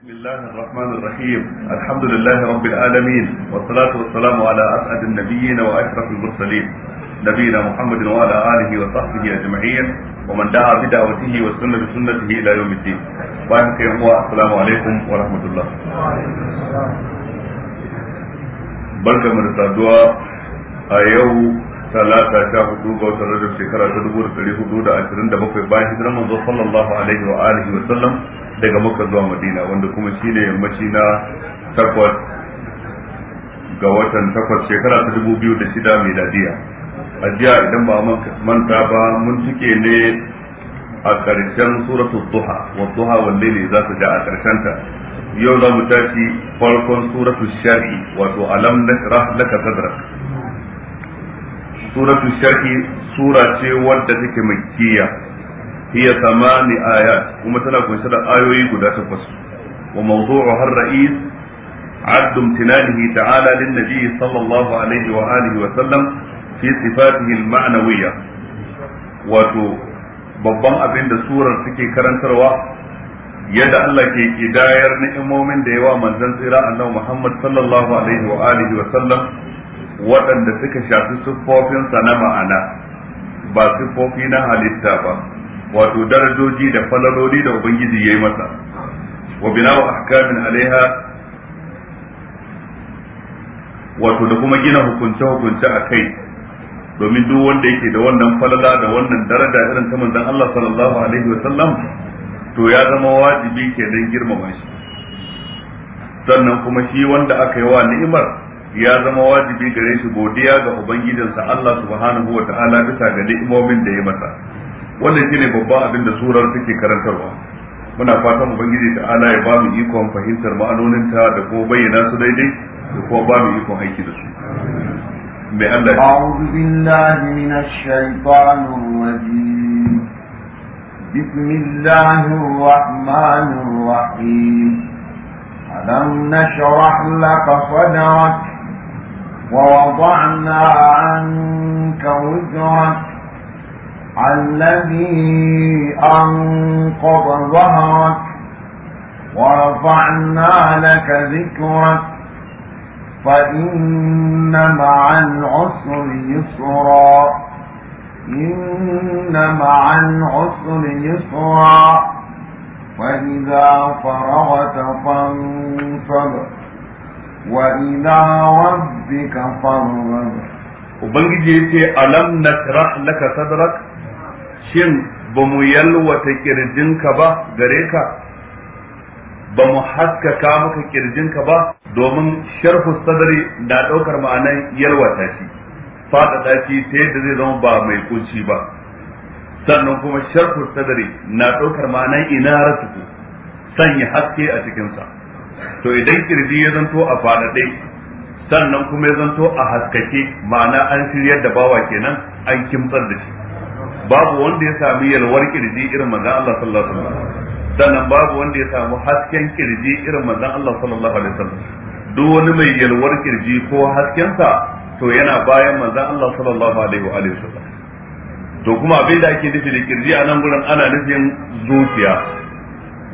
بسم الله الرحمن الرحيم الحمد لله رب العالمين والصلاة والسلام على أسعد النبيين وأشرف المرسلين نبينا محمد وعلى آله وصحبه أجمعين ومن دعا بدعوته والسنة بسنته إلى يوم الدين وأنك السلام عليكم ورحمة الله بركة من الدعاء أيوه talata sha hudu ga watan rajab shekara ta dubu dari hudu da ashirin da bakwai bayan hijirar manzo sallallahu alaihi wa alihi wa sallam daga makka zuwa wanda kuma shi ne takwas ga watan takwas shekara ta dubu biyu da shida miladiya a jiya idan ba manta ba mun cike ne a ƙarshen suratu duha wa duha wanne ne za su ja a ƙarshen ta yau za mu tashi farkon suratu shar'i wato alam suratu sharhi sura ce wadda take makkiya hiya samani ayat kuma tana kunshe da ayoyi guda takwas wa mawdu'uha har rais عد امتنانه تعالى للنبي صلى الله عليه وآله وسلم في صفاته المعنوية wato babban abin da surar suke karantarwa yadda Allah ke kidayar ni'imomin da yawa manzon tsira annabi Muhammad sallallahu alaihi wa sallam waɗanda suka shafi siffofinsa na ma'ana ba siffofi na halitta ba wato darajoji da falaloli da ubangiji ya yi masa wa wa ahkamin alaiha wato da kuma gina hukunce-hukunce a kai domin duk wanda yake da wannan falala da wannan daraja irin ta manzon Allah sallallahu alaihi wa sallam to ya zama wajibi kenan girmama shi sannan kuma shi wanda aka yi wa ni'imar ya zama wajibi gare shi godiya ga ubangijinsa Allah subhanahu wa ta'ala bisa ga ni'imomin da ya masa wannan shine babban abin da surar take karantarwa muna fatan ubangiji ta'ala ya ba mu ikon fahimtar ma'anoninta da ko bayyana su daidai da ko ba mu ikon aiki da su mai Allah a'udhu billahi minash shaitanir rajim bismillahir rahmanir rahim alam nashrah laka sadrak ووضعنا عنك وزرك الذي أنقض ظهرك ورفعنا لك ذكرك فإن مع العسر يسرا إن مع العسر يسرا فإذا فرغت فانصبت وإلى ربك فارغب Ubangiji ya ce, Alam na laka sadrak, shin ba mu yalwata kirjinka ba gare ka, ba mu haskaka maka ƙirjinka ba domin sharhu sadari na ɗaukar ma'anan yalwata shi, faɗaɗa shi ta yadda zai zama ba mai kunci ba. Sannan kuma sharhu sadari na ɗaukar ma'anan inaratuku sanya haske a cikinsa. to idan kirji ya zanto a faɗaɗe sannan kuma ya zanto a haskake ma'ana an shiryar da bawa kenan an kimtsar da shi babu wanda ya sami yalwar kirji irin manzon Allah sallallahu alaihi wasallam sannan babu wanda ya samu hasken kirji irin manzon Allah sallallahu alaihi wasallam duk wani mai yalwar kirji ko haskensa to yana bayan manzon Allah sallallahu alaihi wa alihi wasallam to kuma abin da ake nufi da kirji a nan gurin ana nufin zuciya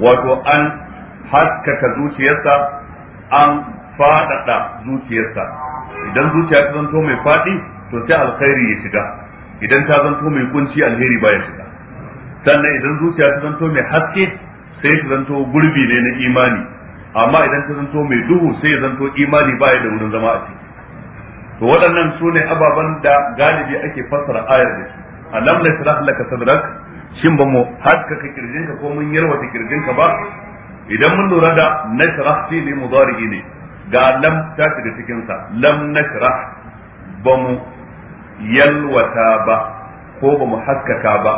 wato an haskaka zuciyarsa an faɗaɗa zuciyarsa idan zuciya ta zanto mai faɗi to sai alkhairi ya shiga idan ta zanto mai kunci alheri ba ya shiga sannan idan zuciya ta zanto mai haske sai ta zanto gurbi ne na imani amma idan ta zanto mai duhu sai ya zanto imani baya da wurin zama a ciki to waɗannan su ne ababen da galibi ake fassara ayar da shi alam la laka sadrak shin ba mu haskaka kirjinka ko mun yarwata kirjinka ba idan mun lura da nashrah fi li mudari ne ga lam ta shiga cikin sa lam nashrah ba mu yalwata ba ko ba mu haskaka ba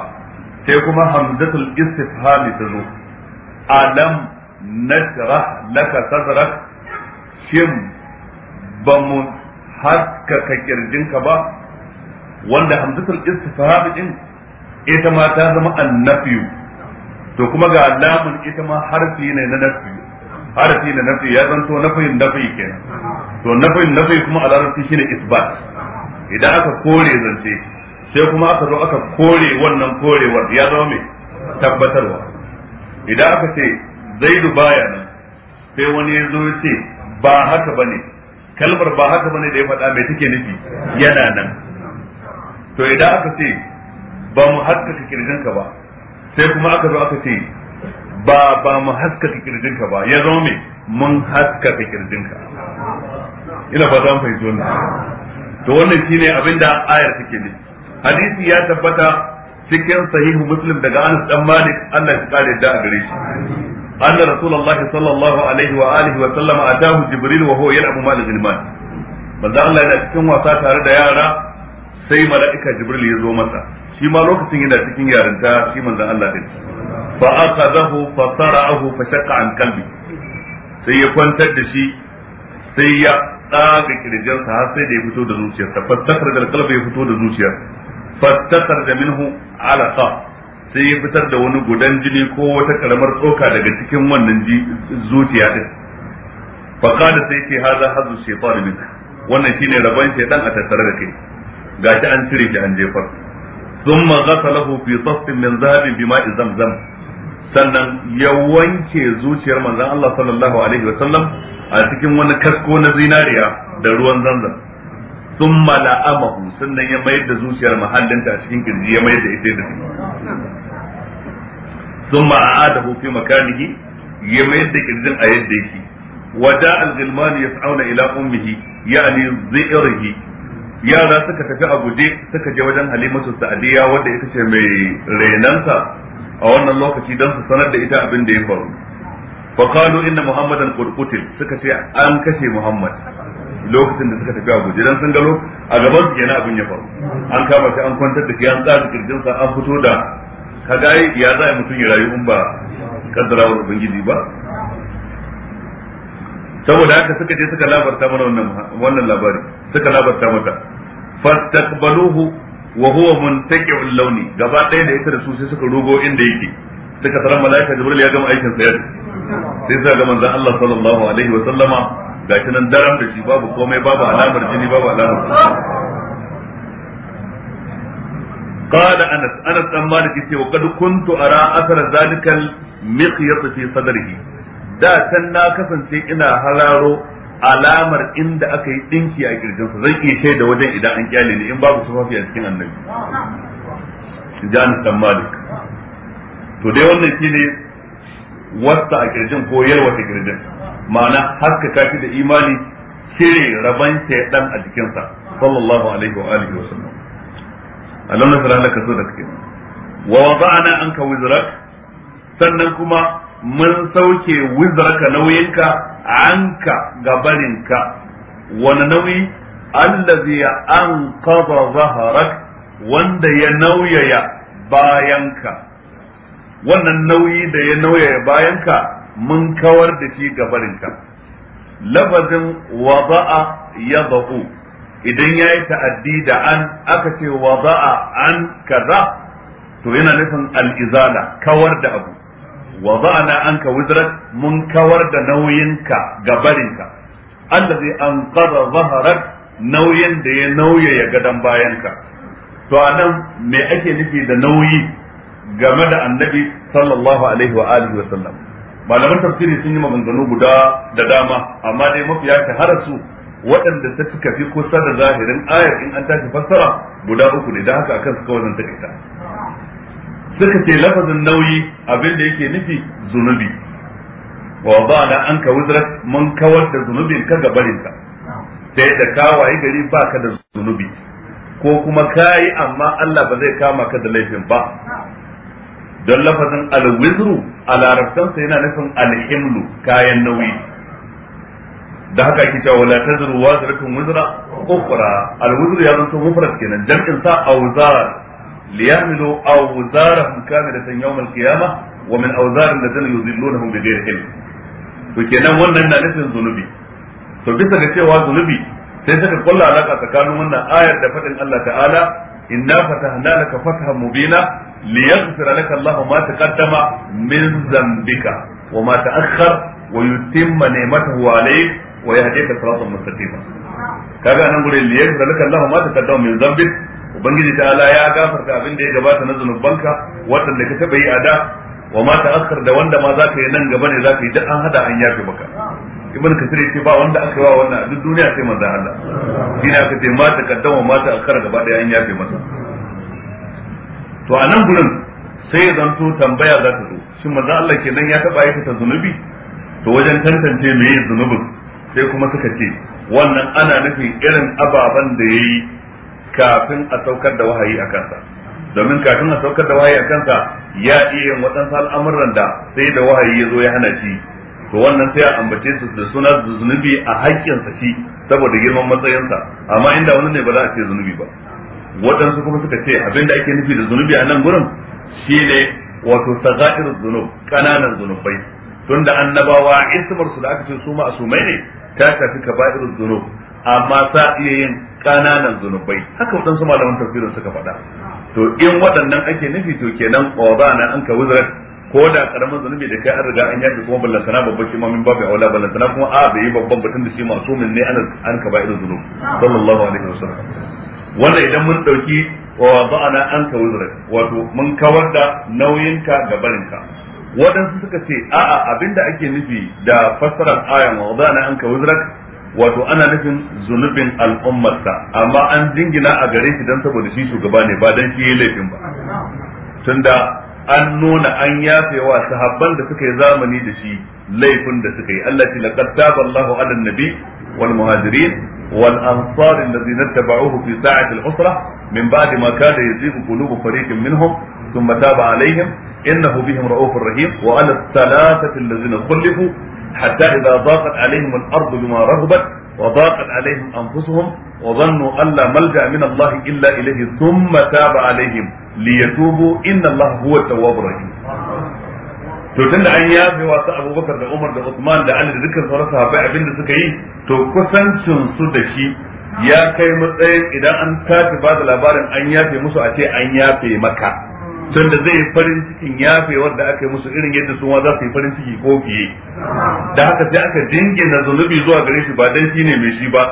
sai kuma hamzatul istifham ta zo alam nashrah laka sadrak shin ba mu haskaka kirjinka ba wanda hamzatul istifham din ita ma ta zama annafiyu to kuma ga lamun ita ma harfi ne na nafi harfi ne nafi ya zanto nafiyin nafi kenan to nafiyin nafi kuma a larabci shine isbat idan aka kore zance sai kuma aka zo aka kore wannan korewar ya zama mai tabbatarwa idan aka ce zaidu baya nan sai wani ya zo ya ce ba haka bane kalmar ba haka bane da ya faɗa mai take nufi yana nan to idan aka ce ba mu haskaka kirjinka ba sai kuma aka zo aka ce ba ba mu haskaka kirjinka ba ya zama me mun haskaka kirjinka ina ba za mu fahimci wannan to wannan shine abinda ayar take ne hadisi ya tabbata cikin sahihu muslim daga Anas dan Malik Allah ya kare da a gare shi anna rasulullahi sallallahu alaihi wa alihi wa sallama atahu jibril wa huwa yal'abu mal ghilman manzo Allah yana cikin wasa tare da yara sai mala'ika jibril ya zo masa shi ma lokacin yana cikin yarinta shi manzon Allah din fa akadahu fa sara'ahu fa shaqqa an qalbi sai ya kwantar da shi sai ya daga kirjinsa har sai da ya fito da fa fastakar da kalbi ya fito da zuciyar fastakar da minhu alaqa sai ya fitar da wani gudan jini ko wata karamar tsoka daga cikin wannan zuciya din fa qala sai ce hadha hazu shaytan minka wannan shine rabon shaytan a tattare da kai gashi an cire shi an jefar thumma ghasalahu fi tasfin min zahabin bima'i zamzam sannan ya wanke zuciyar manzon Allah sallallahu alaihi wa sallam a cikin wani kasko na zinariya da ruwan zanzan, sun mala'amahu, sannan ya mayar da zuciyar mahallinta a cikin kirji ya mayar da ita da Sun thumma a'adahu fi makanihi ya mayar da kirjin a yadda yake وجاء ya يسعون ila أمه يعني ذئره yara suka tafi a guje suka je wajen halimatu sa'adiyya wanda ita ce mai renansa a wannan lokaci don su sanar da ita abin da ya faru fa qalu inna muhammadan qad qutil suka ce an kashe muhammad lokacin da suka tafi a guje dan sun galo a gaban su kenan abin ya faru an kama shi an kwantar da shi an tsara kirjin sa an fito da kaga ya za a mutum ya rayu in ba kaddara ubangiji ba saboda haka suka je suka labarta mana wannan wannan labari suka labarta mata fastaqbaluhu wa huwa muntaqi'ul launi gaba ɗaya da ita da su sai suka rugo inda yake suka tarar malaika jibril ya gama aikin sa yadda sai suka ga manzon Allah sallallahu alaihi wa sallama gashi nan daram da shi babu komai babu alamar jini babu alamar قال انس انس بن مالك يقول قد كنت ارى اثر ذلك المخيط في صدره da can na kasance ina hararo alamar inda aka yi dinki a kirjinsa zan iya shaida wajen idan an kyale ni in babu sufafi a cikin annabi jan san malik to dai wannan shine wasta a kirjin ko yalwa ta kirjin ma'ana haska kafi da imani cire raban shaydan a jikinsa sallallahu alaihi wa alihi wa sallam Allah nasara laka so da kake wa wada'ana anka wizrak sannan kuma mun sauke wizarka nauyinka anka gabarinka wani nauyi allazi anqadha zaharak wanda ya nauyaya bayanka wannan nauyi da ya nauyaya bayanka mun kawar da shi gabarinka lafazin ya yadau idan ya yi ta'addi da an aka ce waza'a an kaza to yana nufin al'izala kawar da abu wa ba'ana anka wizrak mun kawar da ka ga barinka allazi anqadha dhahrak nauyin da ya nauye ya gadan ka. to anan me ake nufi da nauyi game da annabi sallallahu alaihi wa alihi wa sallam malaman tafsiri sun yi maganganu guda da dama amma dai mafiya ta harasu waɗanda ta suka fi kusa da zahirin ayar in an tashi fassara guda uku ne da haka akan suka wajen ta suka ce lafazin nauyi abin da yake nufi zunubi wa na an ka wuzra mun kawar da zunubin ka ga ka sai da wayi gari baka da zunubi ko kuma kai amma Allah ba zai kama ka da laifin ba don lafazin alwizru a sai yana nufin alhimlu kayan nauyi da haka ake cewa wala tazru wazratun wizra ukhra alwizru ya zanto mufrad kenan in sa awzar liyamilu awzarahum kamilatan yawm al-qiyamah wa min awzar alladhina yudhillunahum bighayri ilm to kenan wannan na nufin zunubi to bisa ga cewa zunubi sai saka kulla alaka tsakanin wannan ayar da faɗin Allah ta'ala inna fatahna laka fathan mubina liyaghfira laka Allahu ma taqaddama min dhanbika wa ma ta'akhkhar wa yutimma ni'matahu alayk wa yahdika siratan mustaqima kaga min ubangiji ta ala ya gafarta abin da ya gabata na zanubanka waɗanda ka taɓa yi a da wa ma askar, da wanda ma zaka yi nan gaba ne zaka yi duk an hada an yafe maka ibn kasir yace ba wanda aka wa wannan duk duniya sai manzon Allah shi ne aka ce ma ta wa ma ta akhara gaba daya an yafe masa to a nan gurin sai ya zanto tambaya za ta zo shin manzon Allah kenan ya taba ta zunubi to wajen tantance me yi zunubin sai kuma suka ce wannan ana nufin irin ababen da yayi kafin a saukar da wahayi a kansa domin kafin a saukar da wahayi a kansa ya iya yin waɗansu al'amuran da sai da wahayi ya zo ya hana shi to wannan sai a ambace su da suna zunubi a haƙƙinsa shi saboda girman matsayinsa amma inda wani ne ba za a ce zunubi ba waɗansu kuma suka ce abin da ake nufi da zunubi a nan gurin ne wato sagairu zunub ƙananan zunubai tunda annabawa ismar da aka ce su ma sumai ne ta shafi kaba'irul zunub amma sa iya yin kananan zunubai haka su malaman tafsirin suka faɗa to in waɗannan ake nufi to kenan an ka wuzrak ko da karamin zunubi da kai an riga an yaki kuma ballan sana babban shi ma min babu aula ballan sana kuma a bai yi babban batun da shi min ne an ka ba irin zunubi sallallahu alaihi wasallam wanda idan mun dauki wa na an ka wuzrak wato mun kawar da nauyinka ga barinka waɗansu suka ce a'a abinda ake nufi da fassarar ayan wa an ka wuzrak wato ana nufin zunubin al'ummarsa amma an jingina a gare shi dan saboda shi shugaba ne ba dan shi yi laifin ba tunda an nuna an yafewa sahabban da suka yi zamani da shi laifin da suka yi Allah shi laqad taba Allahu 'ala nabi wal muhajirin wal ansar alladhina tabauhu fi sa'ati al-usra min ba'di ma kada yazigu qulubu fariqin minhum thumma taba 'alayhim innahu bihim ra'ufur rahim wa 'ala ath-thalathati alladhina khulifu حتى إذا ضاقت عليهم الأرض بما رهبت وضاقت عليهم أنفسهم وظنوا أن لا ملجأ من الله إلا إليه ثم تاب عليهم ليتوبوا إن الله هو التواب الرحيم to tun da an yafe wasu abubakar da umar da usman da ali da dukkan sauran sahabbai abin da suka yi to kusancin su da shi ya kai matsayin idan an tafi ba da labarin an yafe musu a ce an yafe maka tunda zai farin cikin yafewar da aka yi musu irin yadda su ma za su yi farin ciki ko fiye da haka sai aka dingina zunubi zuwa gare shi ba dan shi ne mai shi ba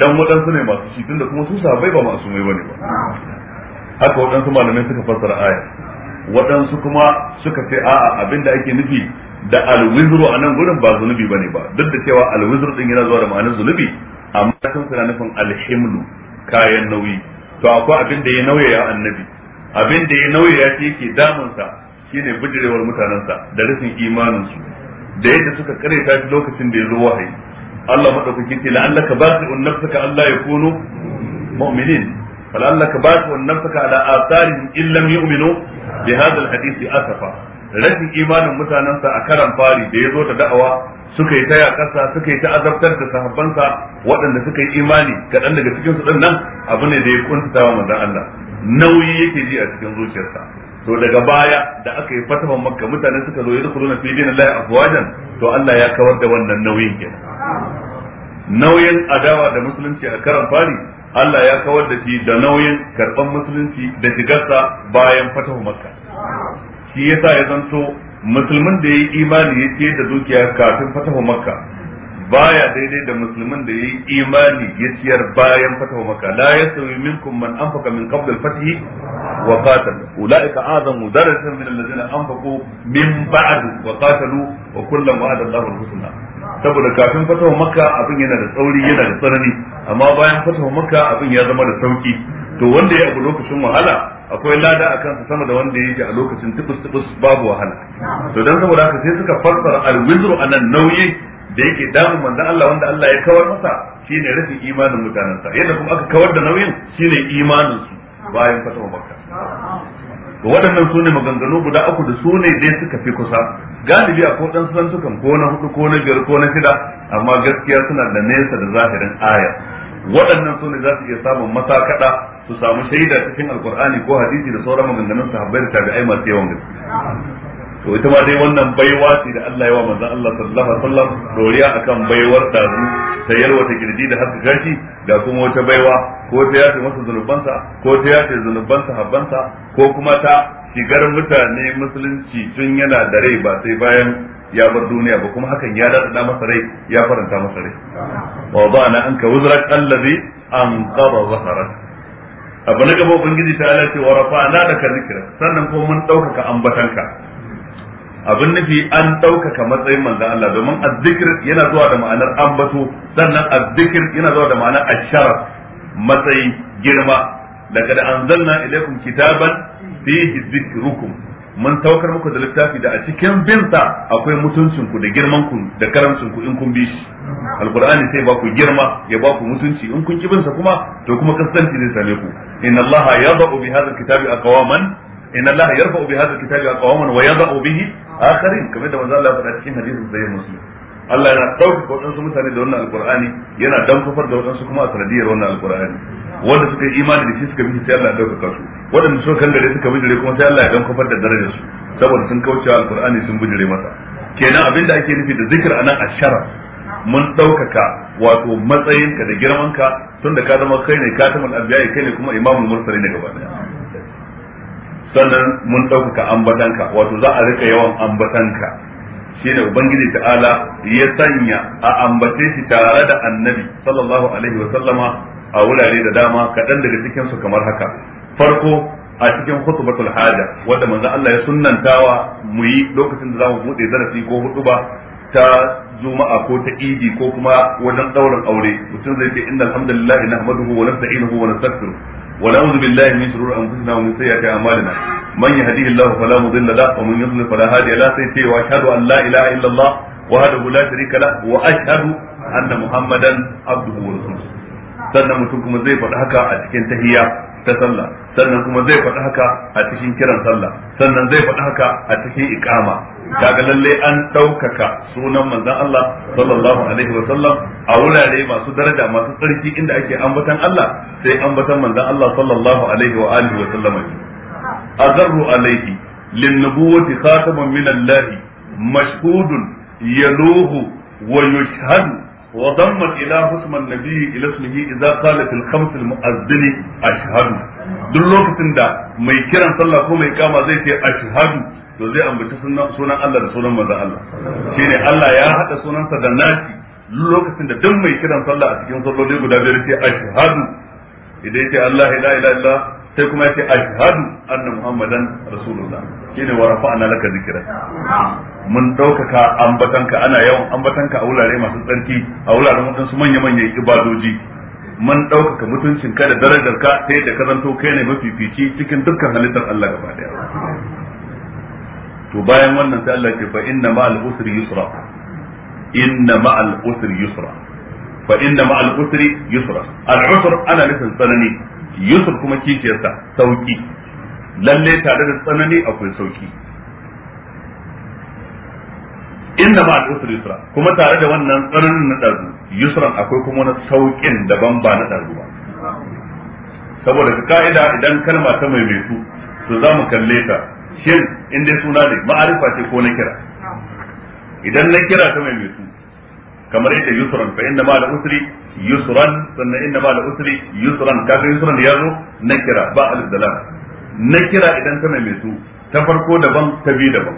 dan waɗansu ne masu shi tunda kuma su sabai ba masu mai bane ba haka waɗansu malamai suka fassara aya waɗansu kuma suka ce a'a abin da ake nufi da alwizru a nan gurin ba zunubi bane ba duk da cewa alwizru din yana zuwa da ma'anar zunubi amma sun suna nufin alhimlu kayan nauyi to akwai abin da ya ya annabi abin da ya nauyi ya yake damunsa shine bijirewar mutanensa da rashin imaninsu da yadda suka karya shi lokacin da ya zo wahayi Allah madaukaki ce la'allaka basi'un nafsaka Allah ya kunu mu'minin fala'allaka basi'un nafsaka ala atharihim in lam yu'minu bi hadha alhadisi asafa rashin imanin mutanensa a karan fari da ya zo da da'awa suka yi ta yakarsa suka yi ta azabtar da sahabbansa waɗanda suka yi imani kaɗan daga cikinsu ɗinnan ɗin nan abu ne da ya kuntatawa manzon Allah nauyi yake ji a cikin zuciyarsa to daga baya da aka yi fatahan makka mutane suka zo na fi lai afwajan to Allah ya kawar da wannan nauyin ke nauyin adawa da musulunci a karan fari Allah ya kawar da shi da nauyin karban musulunci da shigarsa bayan fatahu makka shi yasa ya zanto musulmin da ya yi imani ya ce da dukiya kafin fatahu makka baya daidai da musulmin da yayi imani ya ciyar bayan fatawa maka la yasawi minkum man anfaqa min qabl al-fath wa qatal ulaika azam darajatan min alladhina anfaqu min ba'd wa qatalu wa kullam wa'ada Allahu al-husna saboda kafin fatawa maka abin yana da tsauri yana da tsanani amma bayan fatawa maka abin ya zama da sauki to wanda ya abu lokacin wahala akwai lada a kansa sama da wanda yake a lokacin tubus tubus babu wahala to dan saboda haka sai suka fassara al-wizru anan nauyi da yake damun manzon Allah wanda Allah ya kawar masa shine rufe imanin mutanensa yadda kuma aka kawar da nauyin shine imanin su bayan fatawa bakka. to waɗannan sune maganganu guda uku da sune dai suka fi kusa galibi a ko dan sunan sukan ko na hudu ko na biyar ko na shida amma gaskiya suna da nesa da zahirin aya waɗannan sune za su iya samun masakada su samu shaida cikin alkur'ani ko hadisi da sauran maganganun sahabbai da tabi'ai masu yawan gaske to ita ma dai wannan baiwa ce da Allah ya wa manzon Allah sallallahu alaihi wasallam doriya akan baiwar da su ta ta girdi da haka gashi da kuma wata baiwa ko ta yace masa zulubansa ko ta yace zulubansa habbansa ko kuma ta shigar mutane musulunci tun yana da rai ba sai bayan ya bar duniya ba kuma hakan ya dada masa rai ya faranta masa rai wa ba'ana anka wuzrak allazi anqadha zahrak abu na gaba ubangiji ta ala ce wa rafa'na laka zikra sannan kuma mun ka ambatanka abin nufi an ɗaukaka matsayin manzan Allah domin azzikir yana zuwa da ma'anar ambato sannan azzikir yana zuwa da ma'anar ashara matsayi girma Da daga an zanna ilaykum kitaban fihi dhikrukum mun saukar muku da littafi da a cikin binsa akwai mutuncin ku da girman ku da karamcin ku in kun bi shi alqur'ani sai ba ku girma ya ba ku mutunci in kun ki binsa kuma to kuma kasance zai sale ku inna allaha yadau bi hadha alkitabi aqwaman inna allaha yarfa'u bi hadha alkitabi aqwaman wa yadh'u bihi akharin kamar da manzo Allah ya faɗa cikin hadisin sahih muslim Allah yana ɗaukaka waɗansu mutane da wannan alƙur'ani yana damfafar da waɗansu kuma a sanadiyar wannan alƙur'ani wanda suka yi imani shi suka bi sai Allah ya ɗaukaka su waɗanda suka kangare suka bijire kuma sai Allah ya damfafar da darajar su saboda sun kauce al alƙur'ani sun bijire masa kenan da ake nufi da zikir a anan ashara mun ɗaukaka wato matsayinka da girmanka tun da ka zama kai ne katamul anbiya kai ne kuma imamul mursalin ne gaba daya sannan mun ɗaukaka ambatanka wato za a rika yawan ambatanka shine ubangiji ta'ala ya sanya a ambace shi tare da annabi sallallahu alaihi wa sallama a wurare da dama kaɗan daga cikinsu kamar haka farko a cikin khutbatul haja wanda manzo Allah ya sunnantawa mu yi lokacin da zamu bude darasi ko hutuba ta juma'a ko ta idi ko kuma wajen daurin aure mutum zai ce innal hamdalillah nahmaduhu wa nasta'inuhu wa nastaghfiruh ونعوذ بالله من شرور انفسنا ومن سيئات اعمالنا من يهديه الله فلا مضل له ومن يضلل فلا هادي له سيتي واشهد ان لا اله الا الله وحده لا شريك له واشهد ان محمدا عبده ورسوله sannan mutum kuma zai faɗi haka a cikin tahiyya ta sallah sannan kuma zai faɗi haka a cikin kiran sallah sannan zai faɗi haka a cikin iqama kaga lalle an ɗaukaka sunan manzan Allah sallallahu alaihi wa sallam a wurare masu daraja masu tsarki inda ake ambatan Allah sai ambatan manzan Allah sallallahu alaihi wa alihi wa sallam azarru alaihi للنبوة خاتم من الله مشهود ila ويشهد وضمت إلى حسم النبي إلى اسمه إذا قال في ashhadu Duk lokacin da mai kiran يكرم صلى الله عليه وسلم زي أشهد to zai ambaci sunan Allah da sunan manzon Allah shine Allah ya hada sunansa da nashi lokacin da duk mai kiran sallah a cikin salloli guda biyar sai ashhadu idan ce Allah la ilaha illa sai kuma yace ashhadu anna muhammadan rasulullah shine wa rafa'na laka zikra mun daukaka ambatanka ana yawan ambatanka a wurare masu tsarki a wuraren wadansu manya manya ibadoji man daukaka mutuncin ka da darajar ka sai da ka zanto kai ne mafifici cikin dukkan halittar Allah gaba daya to bayan wannan sai Allah ce fa inna ma'al usri yusra inna ma'al usri yusra fa inna ma'al usri yusra al usr ana nufin tsanani yusr kuma kiciyarsa sauki lalle tare da tsanani akwai sauki inna ma al-usri yusra kuma tare da wannan tsananin na dazu yusran akwai kuma wani saukin daban ba na dazu ba saboda ka ka'ida idan kalma ta mai metu to za mu kalle ta shin in dai suna ne ma'arifa ce ko na kira idan na kira ta mai su kamar yadda yusran fa inna ma da usri yusran sannan inna ma da usri yusran kaga yusran ya zo na kira ba alif da lam na kira idan ta mai su ta farko daban ta bi daban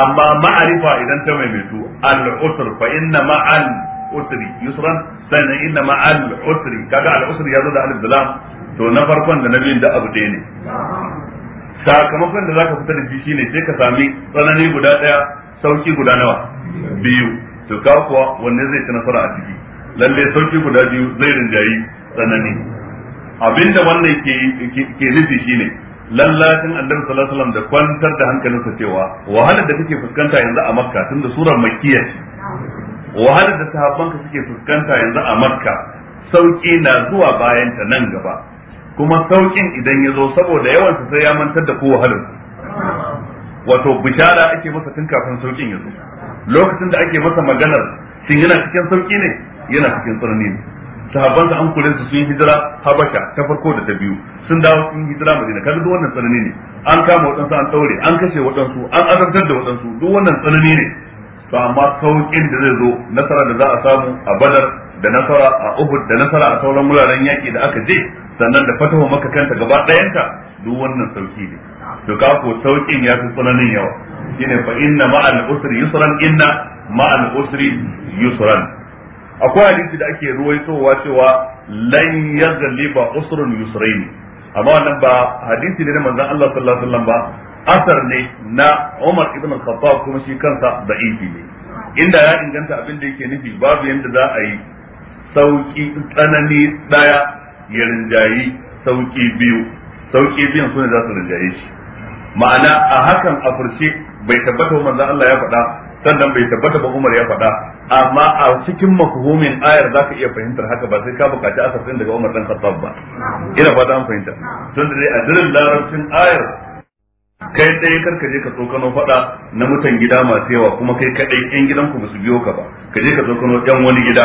amma ma'arifa idan ta mai su al usr fa inna ma al usri yusran sannan inna ma al usri kaga al usri ya zo da alif da lam to na farkon da na biyun da abu ɗaya ne sakamakon da za ka fita da shi shine sai ka sami tsanani guda daya sauki guda nawa biyu to ka kuwa wanne zai ci nasara a ciki lalle sauki guda biyu zai rinjayi tsanani abinda wannan ke ke nufi shine lallacin annabi sallallahu alaihi wasallam da kwantar da hankalinsa cewa wahalar da kake fuskanta yanzu a makka tunda surar makkiyya ce wahalar da sahabbanka suke fuskanta yanzu a makka sauki na zuwa bayan ta nan gaba kuma saukin idan ya zo saboda yawan sai ya mantar da ko wahalar wato bishara ake masa tun kafin saukin ya zo lokacin da ake masa maganar shin yana cikin sauki ne yana cikin tsanani ne sahabban sa an kure su sun hijira habasha ta farko da ta biyu sun dawo sun hijira madina kaga duk wannan tsanani ne an kama waɗansu an ɗaure an kashe waɗansu an azabtar da wadansu duk wannan tsanani ne to amma saukin da zai zo nasara da za a samu a badar da nasara a uhud da nasara a sauran wuraren yaƙi da aka je sannan da fatawa maka kanta gaba ɗayanta duk wannan sauki ne to ka ko saukin ya fi tsananin yawa shine fa inna ma al usri yusran inna ma al usri yusran akwai hadisi da ake ruwaitowa cewa lan yaghliba usrun yusrain amma wannan ba hadisi ne na manzon Allah sallallahu alaihi wasallam ba asar ne na Umar ibn al-Khattab kuma shi kansa da da'ifi ne inda ya inganta abin da yake nufi babu yanda za a yi sauki tsanani daya ya rinjayi sauki biyu sauki biyan sune za su rinjaye shi ma'ana a hakan a furshe bai tabbata manzon Allah ya faɗa sannan bai tabbata ba Umar ya faɗa amma a cikin mafhumin ayar zaka iya fahimtar haka ba sai ka bukaci asarin daga Umar dan Khattab ba ina fata an fahimta tun da a dirin larabcin ayar kai tsaye karka je ka tsokano faɗa na mutan gida masu yawa kuma kai kaɗai yan gidanku ba su biyo ka ba ka je ka tsokano yan wani gida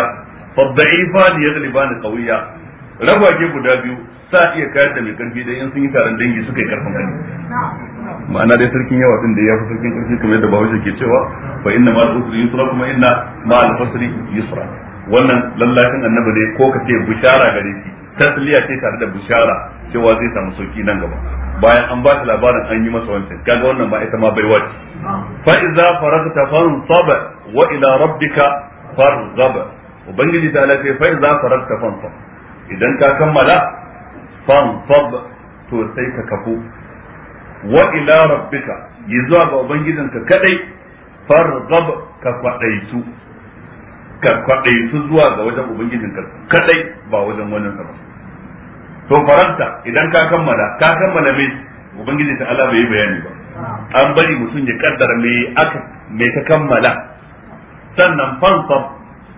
fadda'ifa ne ya zaliba ni kauya. Rabage guda biyu sa iya kayar da mai karfi da in sun yi taron dangi suka yi karfin kani ma'ana dai sarkin yawa din da ya fi sarkin karfi kamar yadda bahaushe ke cewa fa inna ma'al usri yusra kuma inna ma'al usri yusra wannan lallacin annabi ne ko ka ce bushara gare shi tasliya ce tare da bushara cewa zai samu sauki nan gaba bayan an ba shi labarin an yi masa wancan kaga wannan ba ita ma baiwa ce fa iza faragta fansaba wa ila rabbika farghab ubangiji ta lafiya fa iza faragta fansaba idan ka kammala fab to sai ka kafu wa ila rabbika yi ga ubangijinka kadai farghab ka kwadaitu ka kwadaitu zuwa ga wajen ubangijinka kadai ba wajen wannan ba to faranta idan ka kammala ka kammala me ubangiji Allah bai bayani ba an bari mutum ya kaddara me aka me ka kammala sannan fansab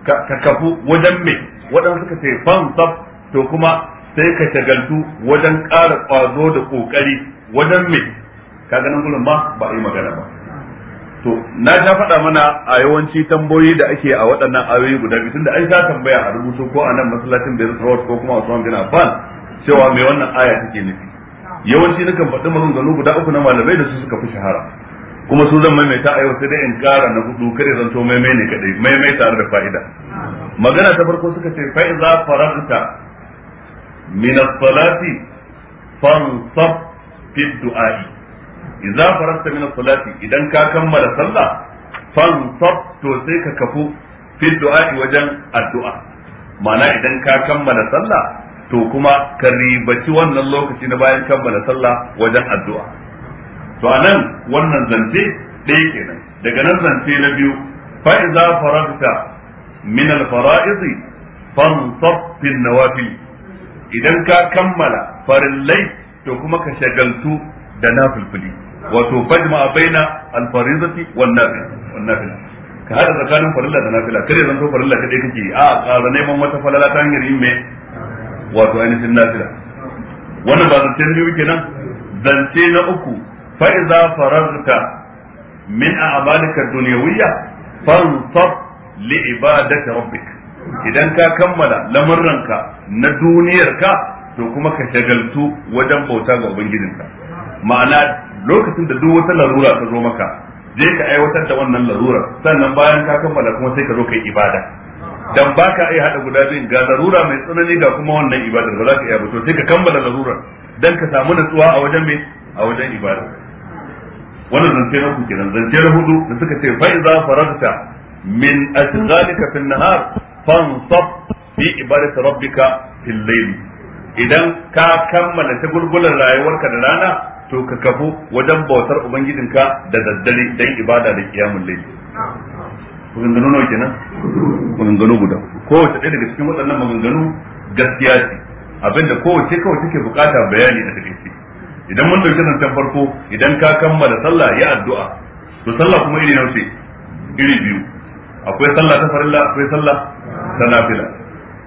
ka kafu wajen me waɗansu suka ce fansab to kuma sai ka shagaltu wajen ƙara ƙwazo da ƙoƙari wajen me ka ganin gudun ma ba a yi magana ba to na ja faɗa mana a yawanci tambayoyi da ake a waɗannan ayoyi guda biyu tunda ai za tambaya a rubutu ko a nan masallacin Beirut Road ko kuma a bin ban cewa me wannan aya take nufi yawanci nukan faɗi maganganu guda uku na malamai da su suka fi shahara kuma su zan maimaita a yau sai dai in kara na hudu ya zanto maimai ne kaɗai maimai tare da fa'ida magana ta farko suka ce fa'iza faranta min as-salati fansab du'a'i idza faragta min as idan ka kammala sallah fansab to sai ka kafu fi du'a'i wajen addu'a ma'ana idan ka kammala sallah to kuma ka ribaci wannan lokaci na bayan kammala sallah wajen addu'a to anan wannan zance ɗaya kenan daga nan zance na biyu fa idza faragta min al-fara'id fansab fi an-nawafil idan ka kammala farin farillai to kuma ka shagaltu da nafilfili wato fajma baina alfarizati wan nafil wan nafil ka hada tsakanin farilla da nafila kar ya zanto farilla kadai kake a ƙara neman wata falala ta hanyar yin me wato ainihin nafila wannan ba zance ne yake nan zance na uku fa iza fararta min a'malika dunyawiyya fansab li ibadati rabbik idan ka kammala lamurranka na duniyarka to kuma ka shagaltu wajen bauta ga ubangijinka ma'ana lokacin da duk wata larura ta zo maka je ka aiwatar da wannan larura sannan bayan ka kammala kuma sai ka zo kai ibada dan baka iya hada guda biyun ga larura mai tsanani ga kuma wannan ibadar ba za ka iya ba to sai ka kammala larurar dan ka samu nutsuwa a wajen mai a wajen ibada wannan zance na uku kenan zance na hudu da suka ce fa iza faragta min asghalika fi an-nahar fansab bi ibadati rabbika fil layl idan ka kammala ta gurgulan rayuwarka da rana to ka kafu wajen bautar ubangijinka da daddare dan ibada da kiyamul layl maganganu nawa kenan maganganu guda kowace ɗaya daga cikin waɗannan maganganu gaskiya ce abinda kowace kawai take bukata bayani a shi idan mun dauki tan farko idan ka kammala sallah ya addu'a to sallah kuma iri nawa ce iri biyu akwai sallah ta farilla akwai sallah ta nafila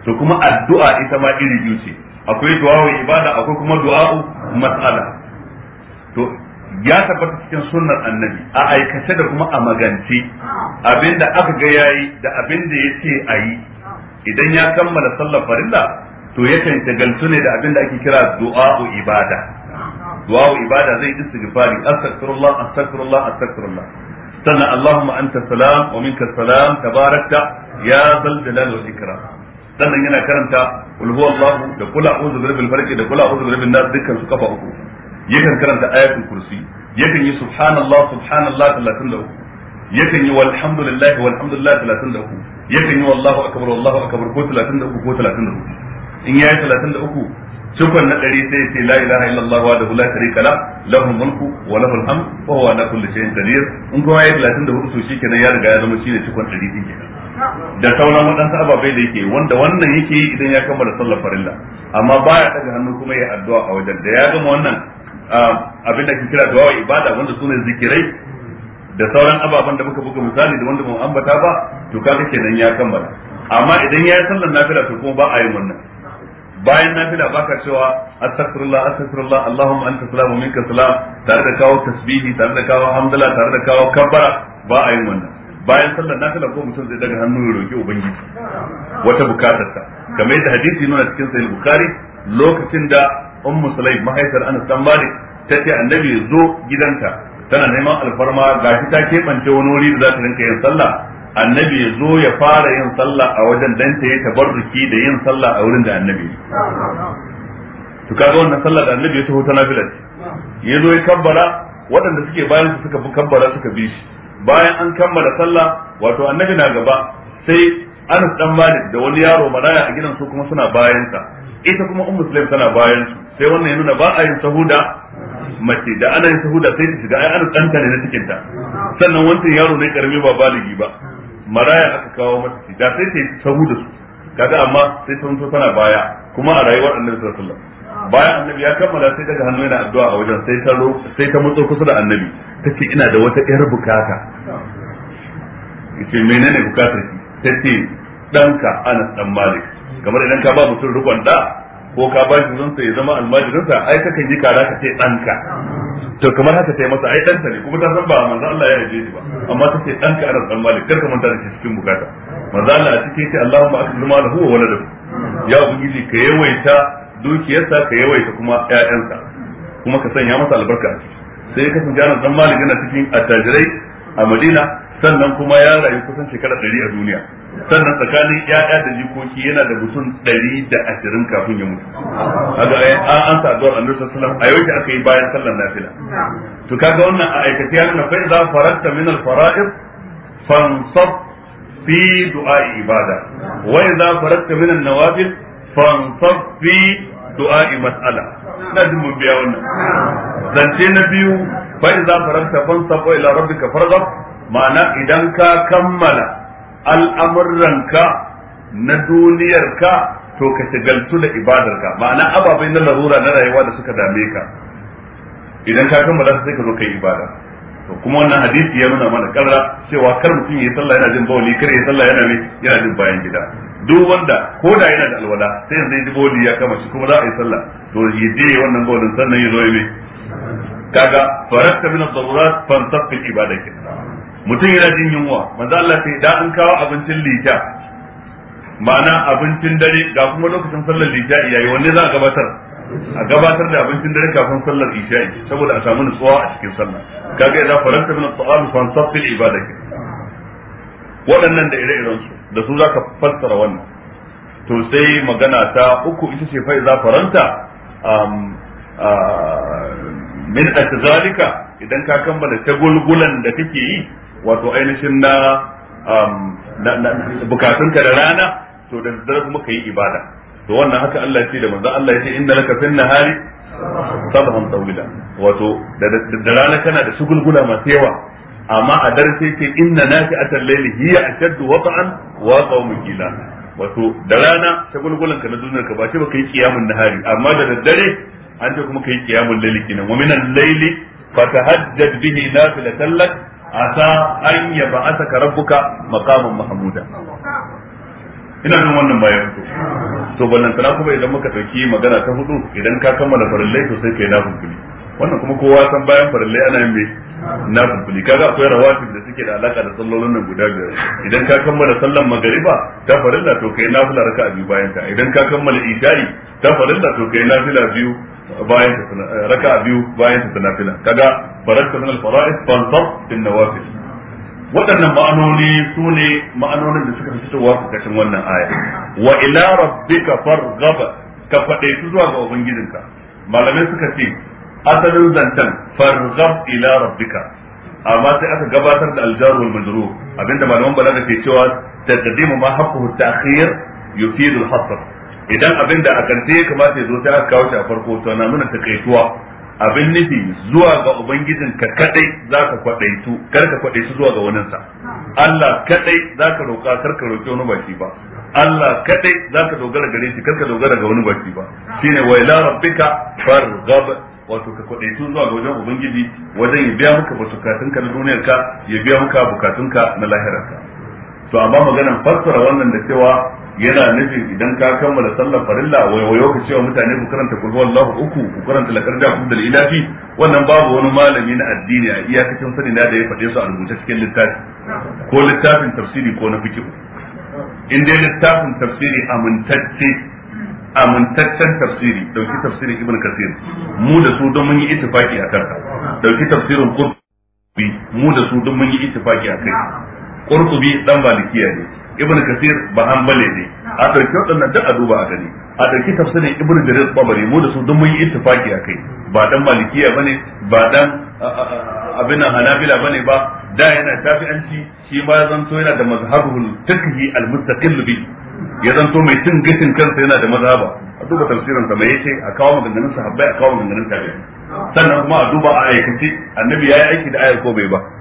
to kuma addu'a ita ma iri biyu ce akwai wa ibada akwai kuma du'a'u mas'ala to ya tabbata cikin sunnar annabi a aikace da kuma a magance abinda aka ga yayi da abinda ya ce a yi idan ya kammala sallar farilla to yakan shagaltu ne da abinda ake kira du'a'u ibada du'a'u ibada zai istighfari astaghfirullah astaghfirullah astaghfirullah sannan Allahumma anta salam wa minka salam tabarakta ya zal jalal wal ikram sannan yana karanta qul huwallahu da kula a'udhu birabbil falaq da kula a'udhu dukkan su kafa uku yakan karanta ayatul kursi yakan yi subhanallah subhanallah 33 yakan yi walhamdulillahi walhamdulillahi talatin da uku yakan yi wallahu akbar wallahu akbar ko talatin da uku ko talatin da uku in ya yi da uku cikon na ɗari sai ce la ilaha illallah wa da la sharika la lahu mulku wa lahu alhamd wa huwa ala kulli shay'in qadir in kuma yayi 34 to shikenan ya riga ya zama shine cikon ɗari din kenan da sauran waɗansu ababai da yake wanda wannan yake yi idan ya kammala sallar farilla amma baya daga hannu kuma ya addu'a a wajen da ya gama wannan abin da ke kira da ibada wanda sunan zikirai da sauran ababen da muka buga misali da wanda mu ambata ba to kaga kenan ya kammala amma idan ya yi sallar nafila to kuma ba a yi wannan bayan nafila baka cewa astaghfirullah astaghfirullah allahumma anta salamu minka salam tare da kawo tasbihi tare da kawo hamdala tare da kawo kabbara ba a yin wannan bayan sallar na ko mutum zai daga hannu ya roki ubangiji wata bukatar ta kamar yadda hadisi nuna cikin sahih bukhari lokacin da ummu sulaim mahaifiyar anas dan malik ta ce annabi zo gidanta tana neman alfarma gashi ta keɓance wani wuri da za ta rinka yin sallah annabi ya zo ya fara yin sallah a wajen dan ta yi tabarruki da yin sallah a wurin da annabi to kaga wannan sallah da annabi ya taho ta nafila ce ya zo ya kabbara waɗanda suke bayan su suka kabbara suka bi shi bayan an kammala sallah wato annabi na gaba sai Anas dan Malik da wani yaro maraya a gidan su kuma suna bayansa ita kuma ummu Sulaim tana bayan su sai wannan ya nuna ba a yin sahuda mace da ana yin sahuda sai ta shiga ai Anas dan ta ne na cikinta. sannan wancan yaro ne karami ba baligi ba maraya aka kawo mata shi da sai ta yi sahu da su kaga amma sai ta mutu tana baya kuma a rayuwar annabi sallallahu alaihi wasallam bayan annabi ya kammala sai daga hannu yana addu'a a wajen sai ta ro sai ta matso kusa da annabi tace ina da wata yar bukata yace menene bukatar ki tace danka Anas dan Malik kamar idan ka ba mutum rukun da ko ka ba shi zunsa ya zama almajirinsa ai kan yi kara ka ce ɗanka to kamar haka sai masa ai ɗanta ne kuma ta san ba manzo Allah ya haife shi ba amma ta ce ɗanka ana san malik kar ka manta da shi cikin bukata manzo Allah a cikin ce Allahumma akrim lahu wa waladahu ya ubangiji ka yawaita dukiyarsa ka yawaita kuma ƴaƴansa kuma ka sanya masa albarka sai ka san jana san malik yana cikin attajirai a Madina sannan kuma ya rayu kusan shekara ɗari a duniya sannan tsakanin ya'ya da jikoki yana da mutum ɗari da ashirin kafin ya mutu kaga an an sa addu'ar annabi sallallahu alaihi wasallam a aka yi bayan sallar nafila to kaga wannan a aikace yana fa idza faratta min al fara'id fansab fi dua'i ibada wa idza faratta min an nawafil fansab fi dua'i mas'ala na jin mun biya wannan zance na biyu fa idza faratta fansab ila rabbika farzab ma'ana idan ka kammala al'amuranka na duniyarka to ka shagaltu da ibadarka ma'ana ababai na larura na rayuwa da suka dame ka idan ka kammala sai ka zo kai ibada to kuma wannan hadisi ya nuna mana karra cewa kar mutum yayi sallah yana jin bawali kar yayi sallah yana ne yana jin bayan gida duk wanda ko da yana da alwala sai yanzu ji bawali ya kama shi kuma za a yi sallah to yi je wannan bawalin sannan ya zo ya ne kaga farakta min ad-darurat fantaqi ibadatik mutum yana jin yunwa manzo Allah sai da an kawo abincin lita ma'ana abincin dare ga kuma lokacin sallar lita yayi wanne za a gabatar a gabatar da abincin dare kafin sallar isha saboda a samu nutsuwa a cikin sallah kaga idan faranta min at-ta'am fa ansafil ke? waɗannan da ire-iren su da su zaka fassara wannan to sai magana ta uku ita ce fa'iza faranta min at idan ka kammala ta gulgulan da kake yi wato ainihin um, na bukatunka da rana to da daddare kuma ka yi ibada to wannan haka Allah ya ce da manzo Allah ya ce inna laka fin nahari sabahan tawila wato da rana kana da shugulgula masu yawa amma a dare sai ce inna nafi'atal layli hiya ashaddu wata'an wa qawmun qila wato da rana shagulgulan ka na duniyar ka ba ce ba kai kiyamun nahari amma da daddare an ce kuma kai kiyamun layli kenan wa minal layli fatahajjad bihi nafilatan lak asa an ya ka rabbuka maqaman mahmuda ina jin wannan bayan fito to ballan tana kuma idan muka dauki magana ta hudu idan ka kammala farillai to sai kai na fulfuli wannan kuma kowa san bayan farillai ana yin mai na fulfuli kaga akwai rawatib da suke da alaka da sallolin nan guda biyar idan ka kammala sallan magariba ta farilla to kai nafila raka'a biyu bayan ta idan ka kammala isha'i ta farilla to kai nafila biyu bayan ta eh, raka'a biyu bayan ta nafila kaga farakta min al-fara'id fanzar bin nawafil waɗannan ma'anoni su ne ma'anonin da suka fitowa kashin wannan aya wa ila rabbika farghaba ka fadaitu zuwa ga ubangijinka malamai suka ce asalin zantan farghab ila rabbika amma sai aka gabatar da aljaru wal majrur abinda malaman balaga ke cewa taqdimu ma haqquhu at-ta'khir yufidu al-hasr idan abin da a karshe ya kamata ya zo sai aka kawo shi a farko to na nuna takaituwa abin nufi zuwa ga ubangijin ka kadai zaka kwadaitu kar ka kwadaitu zuwa ga wani sa Allah kadai zaka roka kar ka roki wani baki ba Allah kadai zaka dogara gare shi kar ka dogara ga wani baki ba shine wa ila rabbika farghab wato ka kwadaitu zuwa ga wajen ubangiji wajen ya biya maka ka na duniyarka ya biya maka bukatunka na lahirarka to amma maganar fassara wannan da cewa yana nufin idan ka kammala sallar farilla wayo-wayo ka cewa mutane ku karanta kulhu Allahu uku ku karanta lakar da kudul ilafi wannan babu wani malami na addini a iyakacin sani na da ya faɗe su a rubuce cikin littafi ko littafin tafsiri ko na fikihu in dai littafin tafsiri amintacce amintaccen tafsiri dauki tafsirin ibn kasir mu da su don mun yi ittifaki a kanka dauki tafsirin qurtubi mu da su don mun yi ittifaki a kai qurtubi dan malikiya ne ibn kasir ba hanbali ne a ɗauki waɗannan duk a duba a gani a ɗauki tafsirin ibn jarir babari mu da su don mun yi ittifaki a kai ba dan malikiya bane ba dan abin nan hanabila bane ba da yana tafi'anci shi ma ya zanto yana da mazhabul takhi al mustaqil bi ya zanto mai cin gishin kansa yana da mazhaba a duba tafsirin sa mai yace a kawo maganganun sahabbai a kawo maganganun tabi'in sannan kuma a duba a aikace annabi yayi aiki da ayar ko bai ba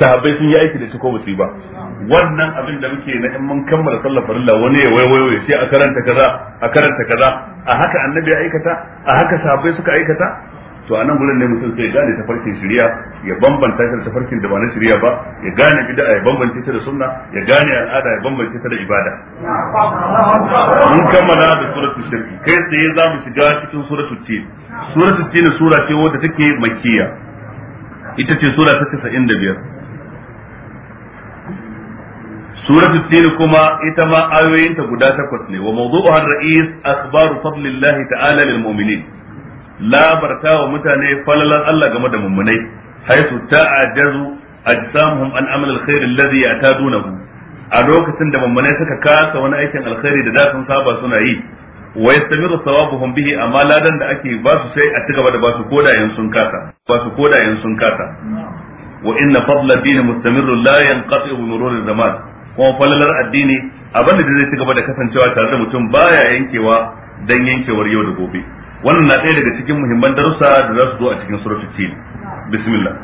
sahabbai sun yi aiki da shi ko ba su yi ba wannan abin da muke na in mun kammala sallar farilla wani ya waiwayo ya ce a karanta kaza a karanta kaza a haka annabi ya aikata a haka sahabbai suka aikata to anan gurin ne mutum sai gane tafarkin shari'a ya bambanta ta tafarkin da ba na shari'a ba ya gane bid'a ya bambance ta da sunna ya gane al'ada ya bambance ta da ibada mun kammala da suratul shirki kai tsaye za mu shiga cikin suratul tin suratul tin sura ce wadda take makkiya ita ce sura ta 95 suratu tin kuma ita ma ayoyinta guda takwas ne wa mawdu'uha ar-ra'is akhbaru fadlillahi ta'ala lil mu'minin labarta wa mutane falalar Allah game da mummunai haitu ta'ajazu ajsamuhum an amal alkhair alladhi yatadunahu a lokacin da mummunai suka kasa wani aikin alkhairi da da sun saba suna yi wa yastamiru thawabuhum bihi amma ladan da ake ba su sai a ci gaba da ba su kodayen sun kasa ba su kodayen sun kasa wa inna fadla din mustamirrun la yanqati bi murur zaman kuma falalar addini abin da zai ci gaba da kasancewa tare da mutum baya yankewa dan yankewar yau da gobe wannan na ɗaya daga cikin muhimman darussa da za su zo a cikin suratul tin bismillah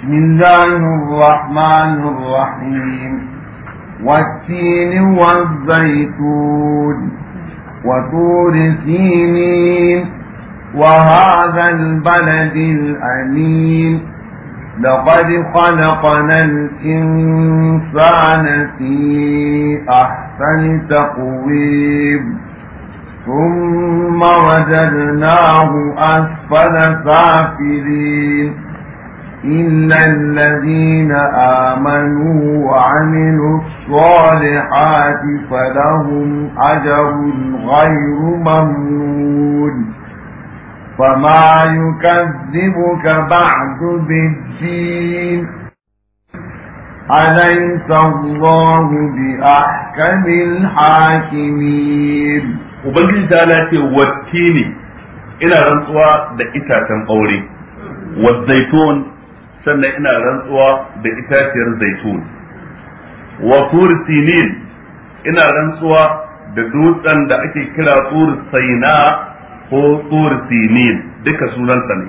bismillahir rahmanir rahim والتين والزيتون وطور سينين وهذا البلد الأمين لقد خلقنا الإنسان في أحسن تقويم ثم رددناه أسفل سافلين إلا الذين آمنوا وعملوا الصالحات فلهم أجر غير ممنون فما يكذبك بعد بالدين أليس الله بأحكم الحاكمين وبنجي تعالى والتيني إلى رنطوة دئتا تنقوري والزيتون سنة إلى رنطوة دئتا الزيتون وطور سينين إلى رنطوة da dutsen da ake kira tsur saina ko tsur sinin duka sunansa ne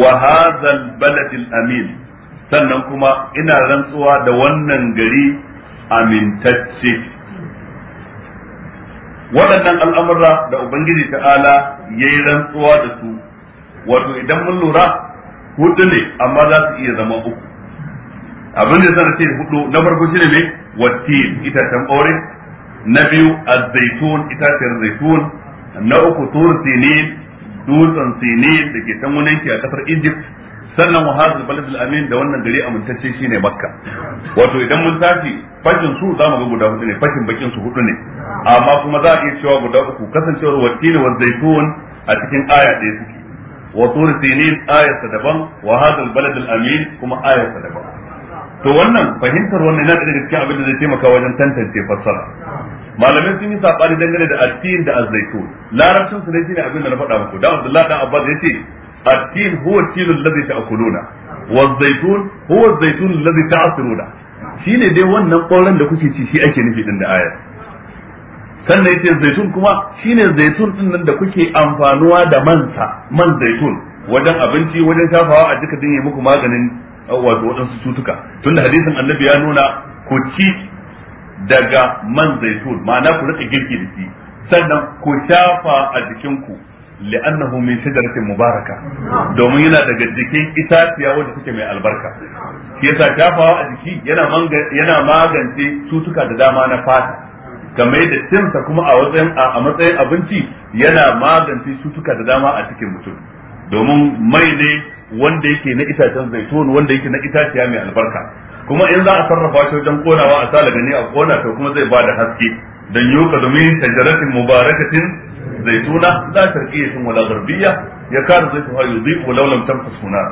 wa hadzal baladil amin sannan kuma ina rantsuwa da wannan gari amintacce waɗannan al'amura da ubangiji ta'ala yayi yi rantsuwa da su wato idan mun lura hudu ne amma za su iya zama uku abin da sana ce hudu na farko shine ne wattin itacen aure na biyu azzaitun itacen zaitun na uku tur sinin dutsen sinin da ke can wani a kasar egypt sannan wa hazal balad al amin da wannan gari amintacce shine makka wato idan mun tafi fashin su zamu ga guda hudu ne fashin bakin su hudu ne amma kuma za a iya cewa guda uku kasancewar watini wa zaitun a cikin aya ɗaya suke wa tur sinin aya ta daban wa hazal balad al amin kuma aya ta daban to wannan fahimtar wannan yana da cikin abin da zai taimaka wajen tantance fassara malamai sun yi sabani dangane da attin da azaitun larabcin su ne shine abin da na faɗa muku da Abdullahi dan Abbas yace attin huwa tilul ladhi ta'kuluna wa zaitun huwa zaitun alladhi ta'siruna shine dai wannan kauran da kuke ci shi ake nufi din da ayar sannan yace zaitun kuma shine zaitun din nan da kuke amfanuwa da mansa man zaitun wajen abinci wajen shafawa a duka din yi muku maganin wato waɗansu cutuka tunda hadisin annabi ya nuna ku ci daga man zaitun ma'ana ku rika girki da shi sannan ku shafa a jikinku li'annahu min shajaratin mubaraka domin yana daga jikin itaciya wanda take mai albarka shi yasa shafawa a jiki yana yana magance cutuka da dama na fata kamar yadda cinsa kuma a matsayin a matsayin abinci yana magance cutuka da dama a cikin mutum domin mai ne wanda yake na itacen zaitun wanda yake na itaciya mai albarka kuma in za a sarrafa shi wajen konawa a sala gani a kona to kuma zai bada haske dan yuka domin tajaratin mubarakatin zaituna la sharqiyyatin wala garbiya ya zai kana zaituha yudhiqu law lam suna.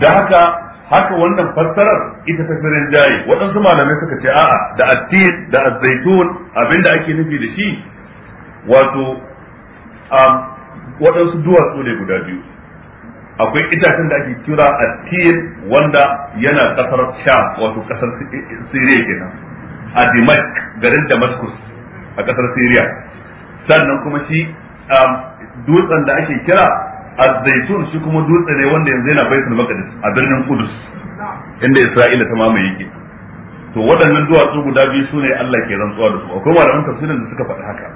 da haka haka wannan fassarar ita ta firin jayi waɗansu malamai suka ce a'a da attin da azzaitun abinda ake nufi da shi wato waɗansu duwatsu ne guda biyu akwai itacen da ake kira a atil wanda yana kasar sha wato kasar siriya kenan a dimash garin damascus a kasar siriya sannan kuma shi um, dutsen da ake kira a Zaitun shi kuma dutse ne wanda yanzu yana baitul maqdis a birnin kudus inda isra'ila ta mamaye ke to waɗannan duwatsu guda biyu su ne Allah ke rantsuwa da su akwai malaman tafsirin da suka faɗi haka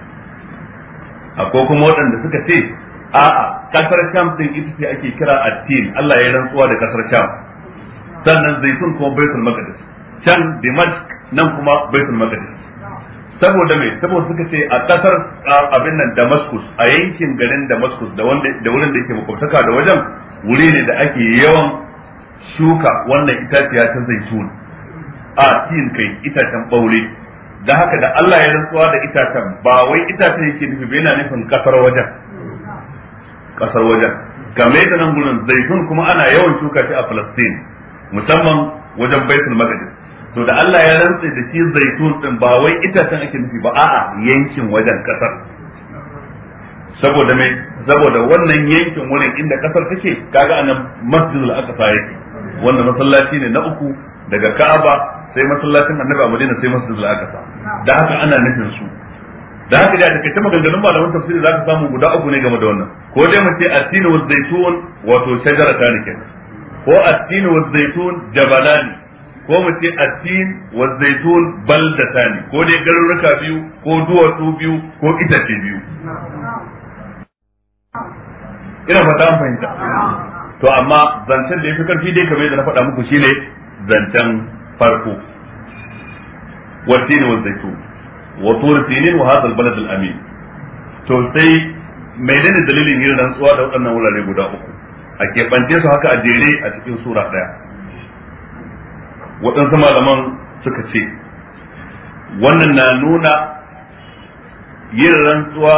akwai kuma waɗanda suka ce a'a kasar sham din ita ce ake kira attin Allah ya rantsuwa da kasar sham sannan zaitun kuma baitul maqdis can dimashq nan kuma baitul maqdis saboda me saboda suka ce a kasar abin nan damascus a yankin garin damascus da wanda da wurin da yake makwabtaka da wajen wuri ne da ake yawan shuka wannan itaciya ta zaitun a tin kai itacen baure da haka da Allah ya rantsuwa da itacen ba wai itacen yake nufi ba yana nufin kasar wajen kasar wajen game da nan gurin zaitun kuma ana yawan shuka shi a Palestine musamman wajen Baitul Maqdis to da Allah ya rantse da shi zaitun din ba wai itacen ake nufi ba a'a yankin wajen kasar saboda me saboda wannan yankin wurin inda kasar take kaga anan Masjidul Aqsa yake wannan masallaci ne na uku daga Ka'aba sai masallacin Annabi a Madina sai Masjidul Aqsa da haka ana nufin su da haka da take maganganun malaman tafsiri za ka samu guda uku ne game da wannan ko dai mu ce atinu wa zaitun wato shajara ta nake ko atinu wa zaitun jabalani ko mu ce atin wa zaitun baldatani ko dai garuruka biyu ko duwatsu biyu ko itace biyu ina fata an fahimta to amma zancen da ya fi karfi dai kamar yadda na faɗa muku shine zancen farko Wa tinu wa zaitun wa tur sinin wa hadha albalad to sai menene dalilin yin rantsuwa da waɗannan wurare guda uku a keɓance su haka a jere a cikin sura ɗaya waɗansu malaman suka ce wannan na nuna yin rantsuwa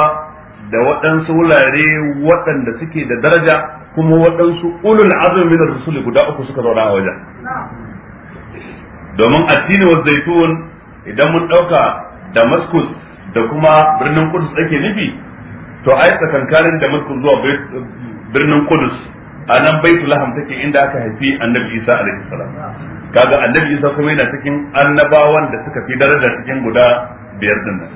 da waɗansu wurare waɗanda suke da daraja kuma waɗansu ulul azumin min rasuli guda uku suka zauna a wajen domin addini wa zaitun idan mun ɗauka damascus da kuma birnin kudus ake nufi to ai tsakankanin damascus zuwa birnin kudus a nan baitu laham take inda aka haifi annabi isa alaihi salam kaga annabi isa kuma yana cikin annabawan da suka fi daraja cikin guda biyar din nan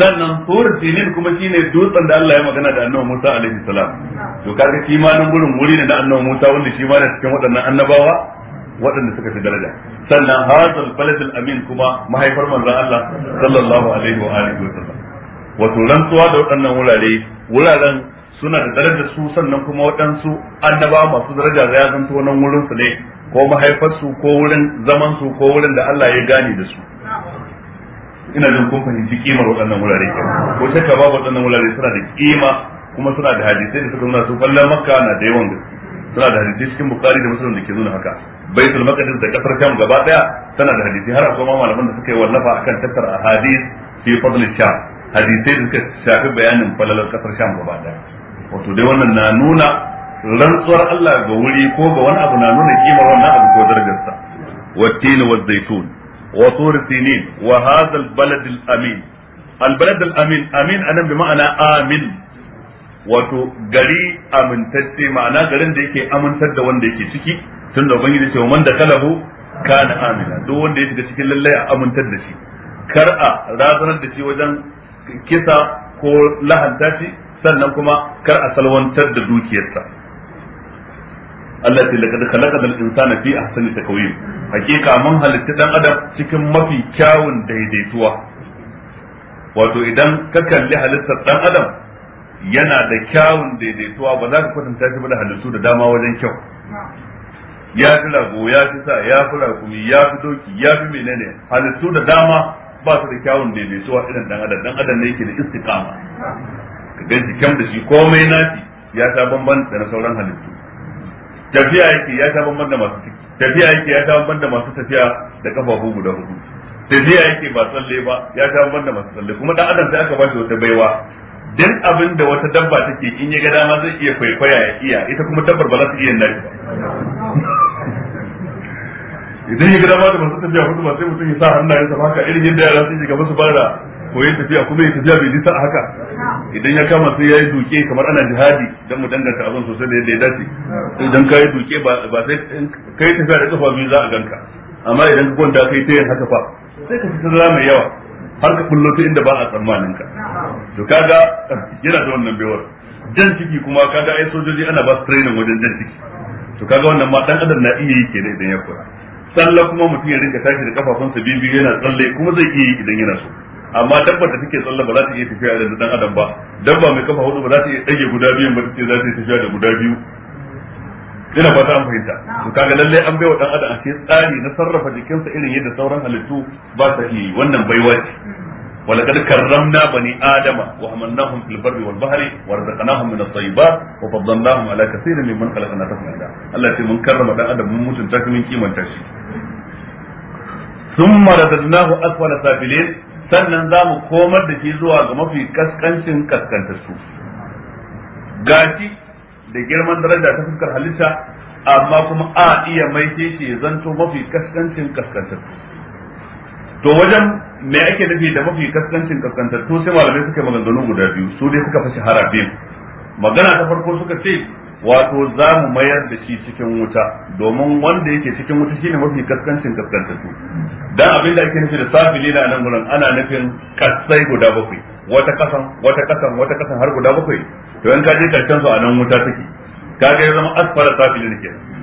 sannan tur sinin kuma shine dutsen da Allah ya magana da annabi Musa alaihi salam to kaga shi ma nan gurin wuri ne na annabi Musa wanda shi ma da cikin waɗannan annabawa waɗanda suka fi daraja sannan hazal baladul amin kuma mahaifar manzon Allah sallallahu alaihi wa alihi wa sallam wato rantsuwa da waɗannan wurare wuraren suna da daraja su sannan kuma waɗansu annaba masu daraja da ya zanto nan wurin su ne ko mahaifarsu ko wurin zaman su ko wurin da Allah ya gane da su ina jin kun fahimci kimar waɗannan wurare ko shakka ba waɗannan wurare suna da kima kuma suna da hadisi da suka nuna su kallon makka na da yawan gaske suna da hadisi cikin bukari da musulun da ke nuna haka baitul maqdis da kasar sham gaba daya tana da hadisi har akwai ma malaman da suka yi wallafa akan tattara ahadis fi fadl sham hadisai da suka shafi bayanin falalar kasar sham gaba daya wato dai wannan na nuna rantsuwar Allah ga wuri ko ga wani abu na nuna kimar wannan abu ko darajarsa والتين والزيتون وطور amin. وهذا البلد الأمين amin الأمين أمين bi ma'ana Amin. wato gari amintacce ma'ana garin da yake amintar da wanda yake ciki tun da ubangiji ce man da kalahu kana amina duk wanda ya shiga cikin lallai a amintar da shi kar a razanar da shi wajen kisa ko lahanta shi sannan kuma kar a salwantar da dukiyarsa Allah laqad khalaqa insana fi ahsani takwim hakika mun halitta dan adam cikin mafi kyawun daidaituwa wato idan ka kalli halittar dan adam yana da kyawun daidaituwa ba za ka kwatanta shi ba da halittu da dama wajen kyau ya fi lagu ya fi sa ya fi rakumi ya fi doki ya fi menene halittu da dama ba su da kyawun daidaituwa irin dan adam dan adam ne yake da istiqama ka ganci kyam da shi komai nashi ya ta bamban da na sauran halittu tafiya yake ya ta bamban da masu tafiya yake ya ta bamban da masu tafiya da kafafu guda hudu tafiya yake ba tsalle ba ya ta bamban da masu tsalle kuma dan adam sai aka ba shi wata baiwa din abin da wata dabba take in ya ga dama zai iya kwaikwaya ya iya ita kuma dabbar ba za ta iya nashi ba idan ya gida ma da masu tafiya hudu sai mutum ya sa hannayensa haka irin yadda yara sun shiga masu ko koyi tafiya kuma ya tafiya bai nisa a haka idan ya kama sai ya yi duke kamar ana jihadi don mu danganta abin sosai da yadda ya dace idan ka yi duke ba sai kai tafiya da kafa biyu za a ganka amma idan ka kwanta kai ta yin haka fa sai ka fita zama mai yawa har ka kullo ta inda ba a tsammanin ka to kaga yana da wannan baiwar jan ciki kuma kaga ai sojoji ana ba su training wajen jan ciki to kaga wannan ma dan adam na iya yi kenan idan ya kula tsalla kuma mutum ya rinka tashi da kafafunsa biyu yana tsalle kuma zai iya yi idan yana so amma dabbar da take tsalle ba za ta iya tafiya da dan adam ba dabba mai kafa hudu ba za ta iya dage guda biyu ba take za ta iya tafiya da guda biyu ina ba ta fahimta to kaga lalle an bai wa dan adam a ce tsari na sarrafa jikinsa irin yadda sauran halittu ba ta iya yi wannan baiwa ولقد كرمنا بني آدم وحملناهم في البر والبحر ورزقناهم من الطيبات وفضلناهم على كثير ممن خلقنا تفضيلا الله من كرم بني آدم من متنتاك من كيما ثم رددناه أسفل سافلين sannan za mu komar da shi zuwa ga mafi kaskancin su. gashi da girman daraja ta fuskar halitta amma kuma a iya maishe shi ya zanto mafi kaskancin su. to wajen me ake nufi da mafi kaskancin kaskantattu sai malamai suka yi maganganu guda biyu su dai suka fi shahara biyu magana ta farko suka ce wato za mu mayar da shi cikin wuta domin wanda yake cikin wuta shine mafi kaskancin kaskantattu dan abinda ake nufi da safili na nan gurin ana nufin kasai guda bakwai wata kasan wata kasan wata kasan har guda bakwai to in ka je karshen su a nan wuta take kaga ya zama asfara safili ne kenan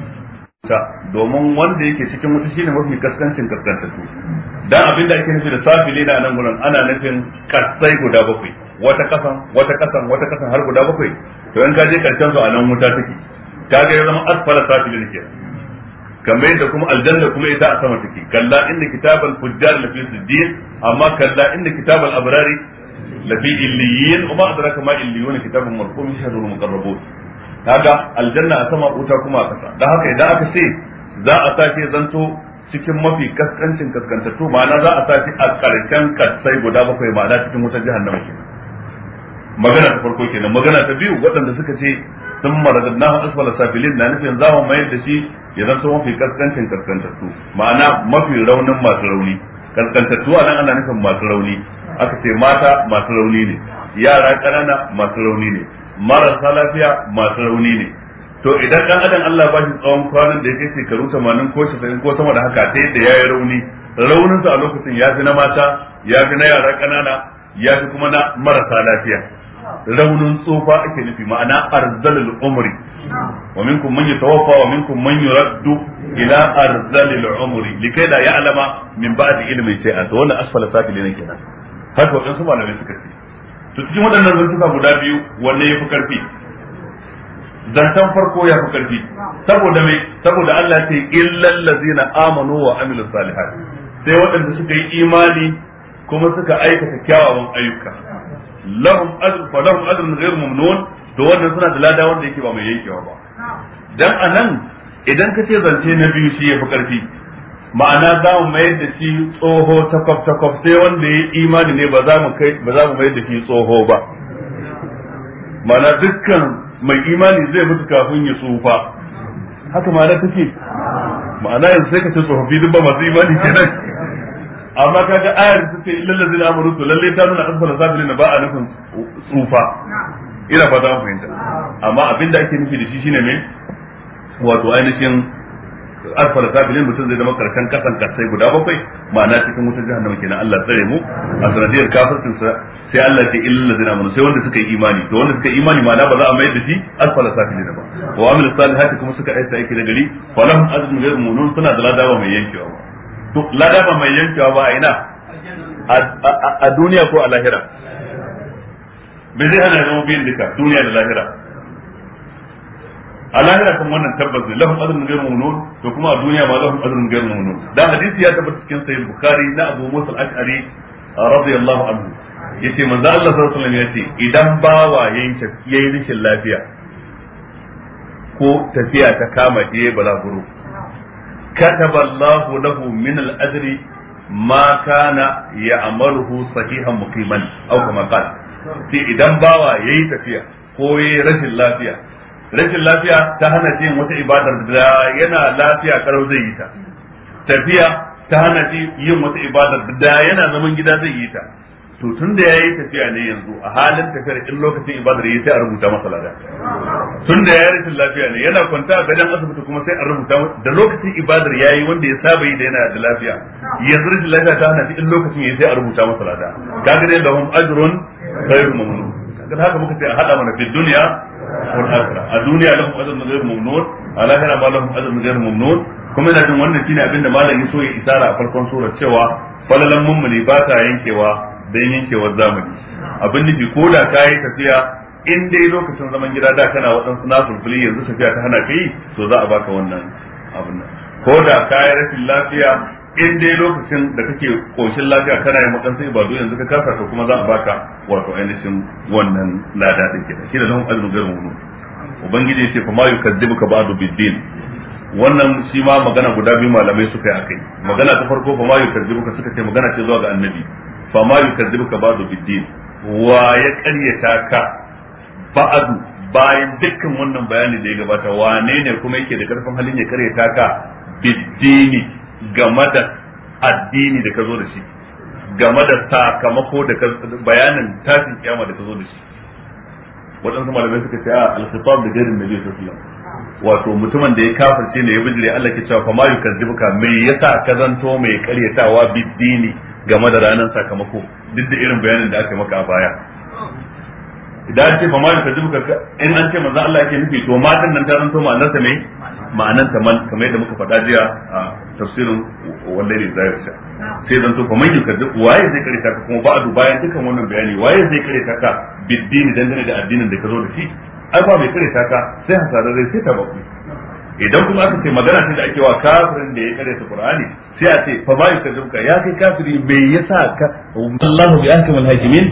domin wanda yake cikin wuta shine mafi kaskancin kaskantattu dan abin da ake nufi da safili na nan gurin ana nufin kasai guda bakwai wata kasan wata kasan wata kasan har guda bakwai to in ka je karshen su a nan wuta take ta ga ya zama asfala safi ne kenan kamar yadda kuma aljanna kuma ita a sama take kalla inda kitabul fujjar lafi siddiq amma kalla inda kitabul abrari lafi illiyin kuma adraka ma illiyun kitabun marqum shahrul muqarrabun kaga aljanna a sama wuta kuma a kasa da haka idan aka ce za a sake zanto cikin mafi kaskancin kaskantattu ma'ana za a sake a karshen kasai guda bakwai ma'ana cikin wutar jahannama ke magana ta farko kenan magana ta biyu waɗanda suka ce sun maradadna asfal safilin na nufin za mu mayar da shi ya zanto mafi kaskancin kaskantattu ma'ana mafi raunin masu rauni kaskantattu a nan ana nufin masu rauni aka ce mata masu rauni ne yara ƙanana masu rauni ne marasa lafiya masu rauni ne to idan dan adam Allah ba shi tsawon kwanan da yake shekaru 80 ko 90 ko sama da haka sai da yayi rauni sa a lokacin ya fi na mata ya fi na yara ƙanana ya fi kuma na marasa lafiya raunin tsofa ake nufi ma'ana arzalul umri wa minkum man yatawaffa wa minkum man yuraddu ila arzalil umri likai da ya'lama min ba'di sai a to wannan asfala safilin kenan haka su malamin suka ce to cikin waɗannan zantuka guda biyu wanne ya fi karfi zantan farko ya fi ƙarfi. saboda mai saboda Allah ya ce illal ladzina amanu wa amilus salihat sai waɗanda suka yi imani kuma suka aikata kyawawan ayyuka lahum ajr fa lahum ajrun ghayr mamnun to wannan suna da lada wanda yake ba mai yankewa ba dan anan idan ka ce zance na biyu shi ya fi karfi ma'ana za mu mayar da shi tsoho takwaf takwaf sai wanda ya imani ne ba za mu mayar da shi tsoho ba ma'ana dukkan mai imani zai mutu kafin ya tsufa haka ma'ana take ma'ana yanzu sai ka ce tsofaffi duk ba masu imani kenan amma ga ayar ta ce illal ladzina amanu to lalle ta nuna asfala sabilin ba a nufin tsufa ina fata mu fahimta amma abinda ake nufi da shi shine me wato ainihin asfala sabilin mutum zai zama karshen kasan kasai guda bakwai ma'ana cikin wutar jahannama kenan Allah tsare mu a sanadiyar kafircin sa sai Allah ce illal ladina amanu sai wanda suka yi imani to wanda suka yi imani ma'ana ba za a mayar da shi asfala sabilin ba wa amil salihati kuma suka aika aiki da gari falahum azmun ghayr munun suna da ladaba mai yankewa to ladaba mai yankewa ba a ina a duniya ko a lahira bai zai hana zama biyan duka duniya da lahira a lahira kan wannan tabbas ne lahum azrun ghayru mamnun to kuma a duniya ma lahum azrun ghayru mamnun da hadisi ya tabbata cikin sahih bukhari na abu musa al-ash'ari uh, radiyallahu anhu yace manzo Allah sallallahu alaihi wasallam yace idan bawa yayin yayi rikin lafiya ko tafiya ta kama je balaguro kataballahu lahu min al-ajri ma kana ya'maluhu sahihan muqiman aw kama qala sai idan bawa yayi tafiya ko yayi rashin lafiya rashin lafiya ta hana shi yin wata ibadar da yana lafiya karau zai yi ta tafiya ta hana shi yin wata ibadar da yana zaman gida zai yi ta to tun da yayi tafiya ne yanzu a halin tafiyar in lokacin ibadar yayi sai a rubuta masa lada tun da yayi rashin lafiya ne yana kwanta a gadon asibiti kuma sai a rubuta da lokacin ibadar yayi wanda ya saba yi da yana da lafiya yanzu rashin lafiya ta hana shi in lokacin yayi sai a rubuta masa lada kaga ne lahum ajrun khairu mamnun kaga haka muka ce a hada mana fi dunya a duniya lahum azabun ghayr mamnun a lahira ma lahum azabun ghayr mamnun kuma ina jin wannan shine abinda malam so ya isara a farkon surar cewa falalan mummuni ba ta yankewa dan yankewar zamani abin nufi ko da yi tafiya in dai lokacin zaman gida da kana waɗansu na fulfuli yanzu tafiya ta hana ka yi to za a baka wannan abin nan ko da yi rashin lafiya in dai lokacin da kake koshin lafiya kana yin ba ibadu yanzu ka kasa to kuma za a baka wato ainihin wannan lada din kenan shi da lahum ajrun ghairu mamnun ubangiji ce fa ma yukadzibuka ba'du bid wannan shi ma magana guda biyu malamai suka yi akai magana ta farko fa ma yukadzibuka suka ce magana ce zuwa ga annabi fa ma yukadzibuka ba'du bid wa ya karyata ka ba'du bayan dukkan wannan bayani da ya gabata wane ne kuma yake da karfin halin ya karyata ka bid game da addini da ka zo da shi game da sakamako da bayanin tashin kiyama da ka zo da shi waɗansu malamai suka ce a alkhitab da gairin nabi sallallahu alaihi wato mutumin da ya kafirce ne ya bijire Allah ke cewa fa ma yukazzibuka me yasa ka zanto mai ƙaryatawa biddini game da ranar sakamako duk da irin bayanin da aka maka a baya idan ce fa ma yukazzibuka in an ce manzo Allah yake nufi to matan nan ta zanto ma Allah ne ma'anan ta man kamar yadda muka faɗa jiya a tafsirin wanda ne zai sha sai zan so kamar yin duk waye zai kare ka kuma ba'adu bayan dukan wannan bayani waye zai kare ka biddini dangane da addinin da ka zo da shi ai ba mai kare ka sai zai sai ta baku idan kuma aka ce magana ce da ake wa kafirin da ya kare su qur'ani sai a ce fa bai kadunka ya kai kafiri me yasa ka Allahu bi ahkamil hakimin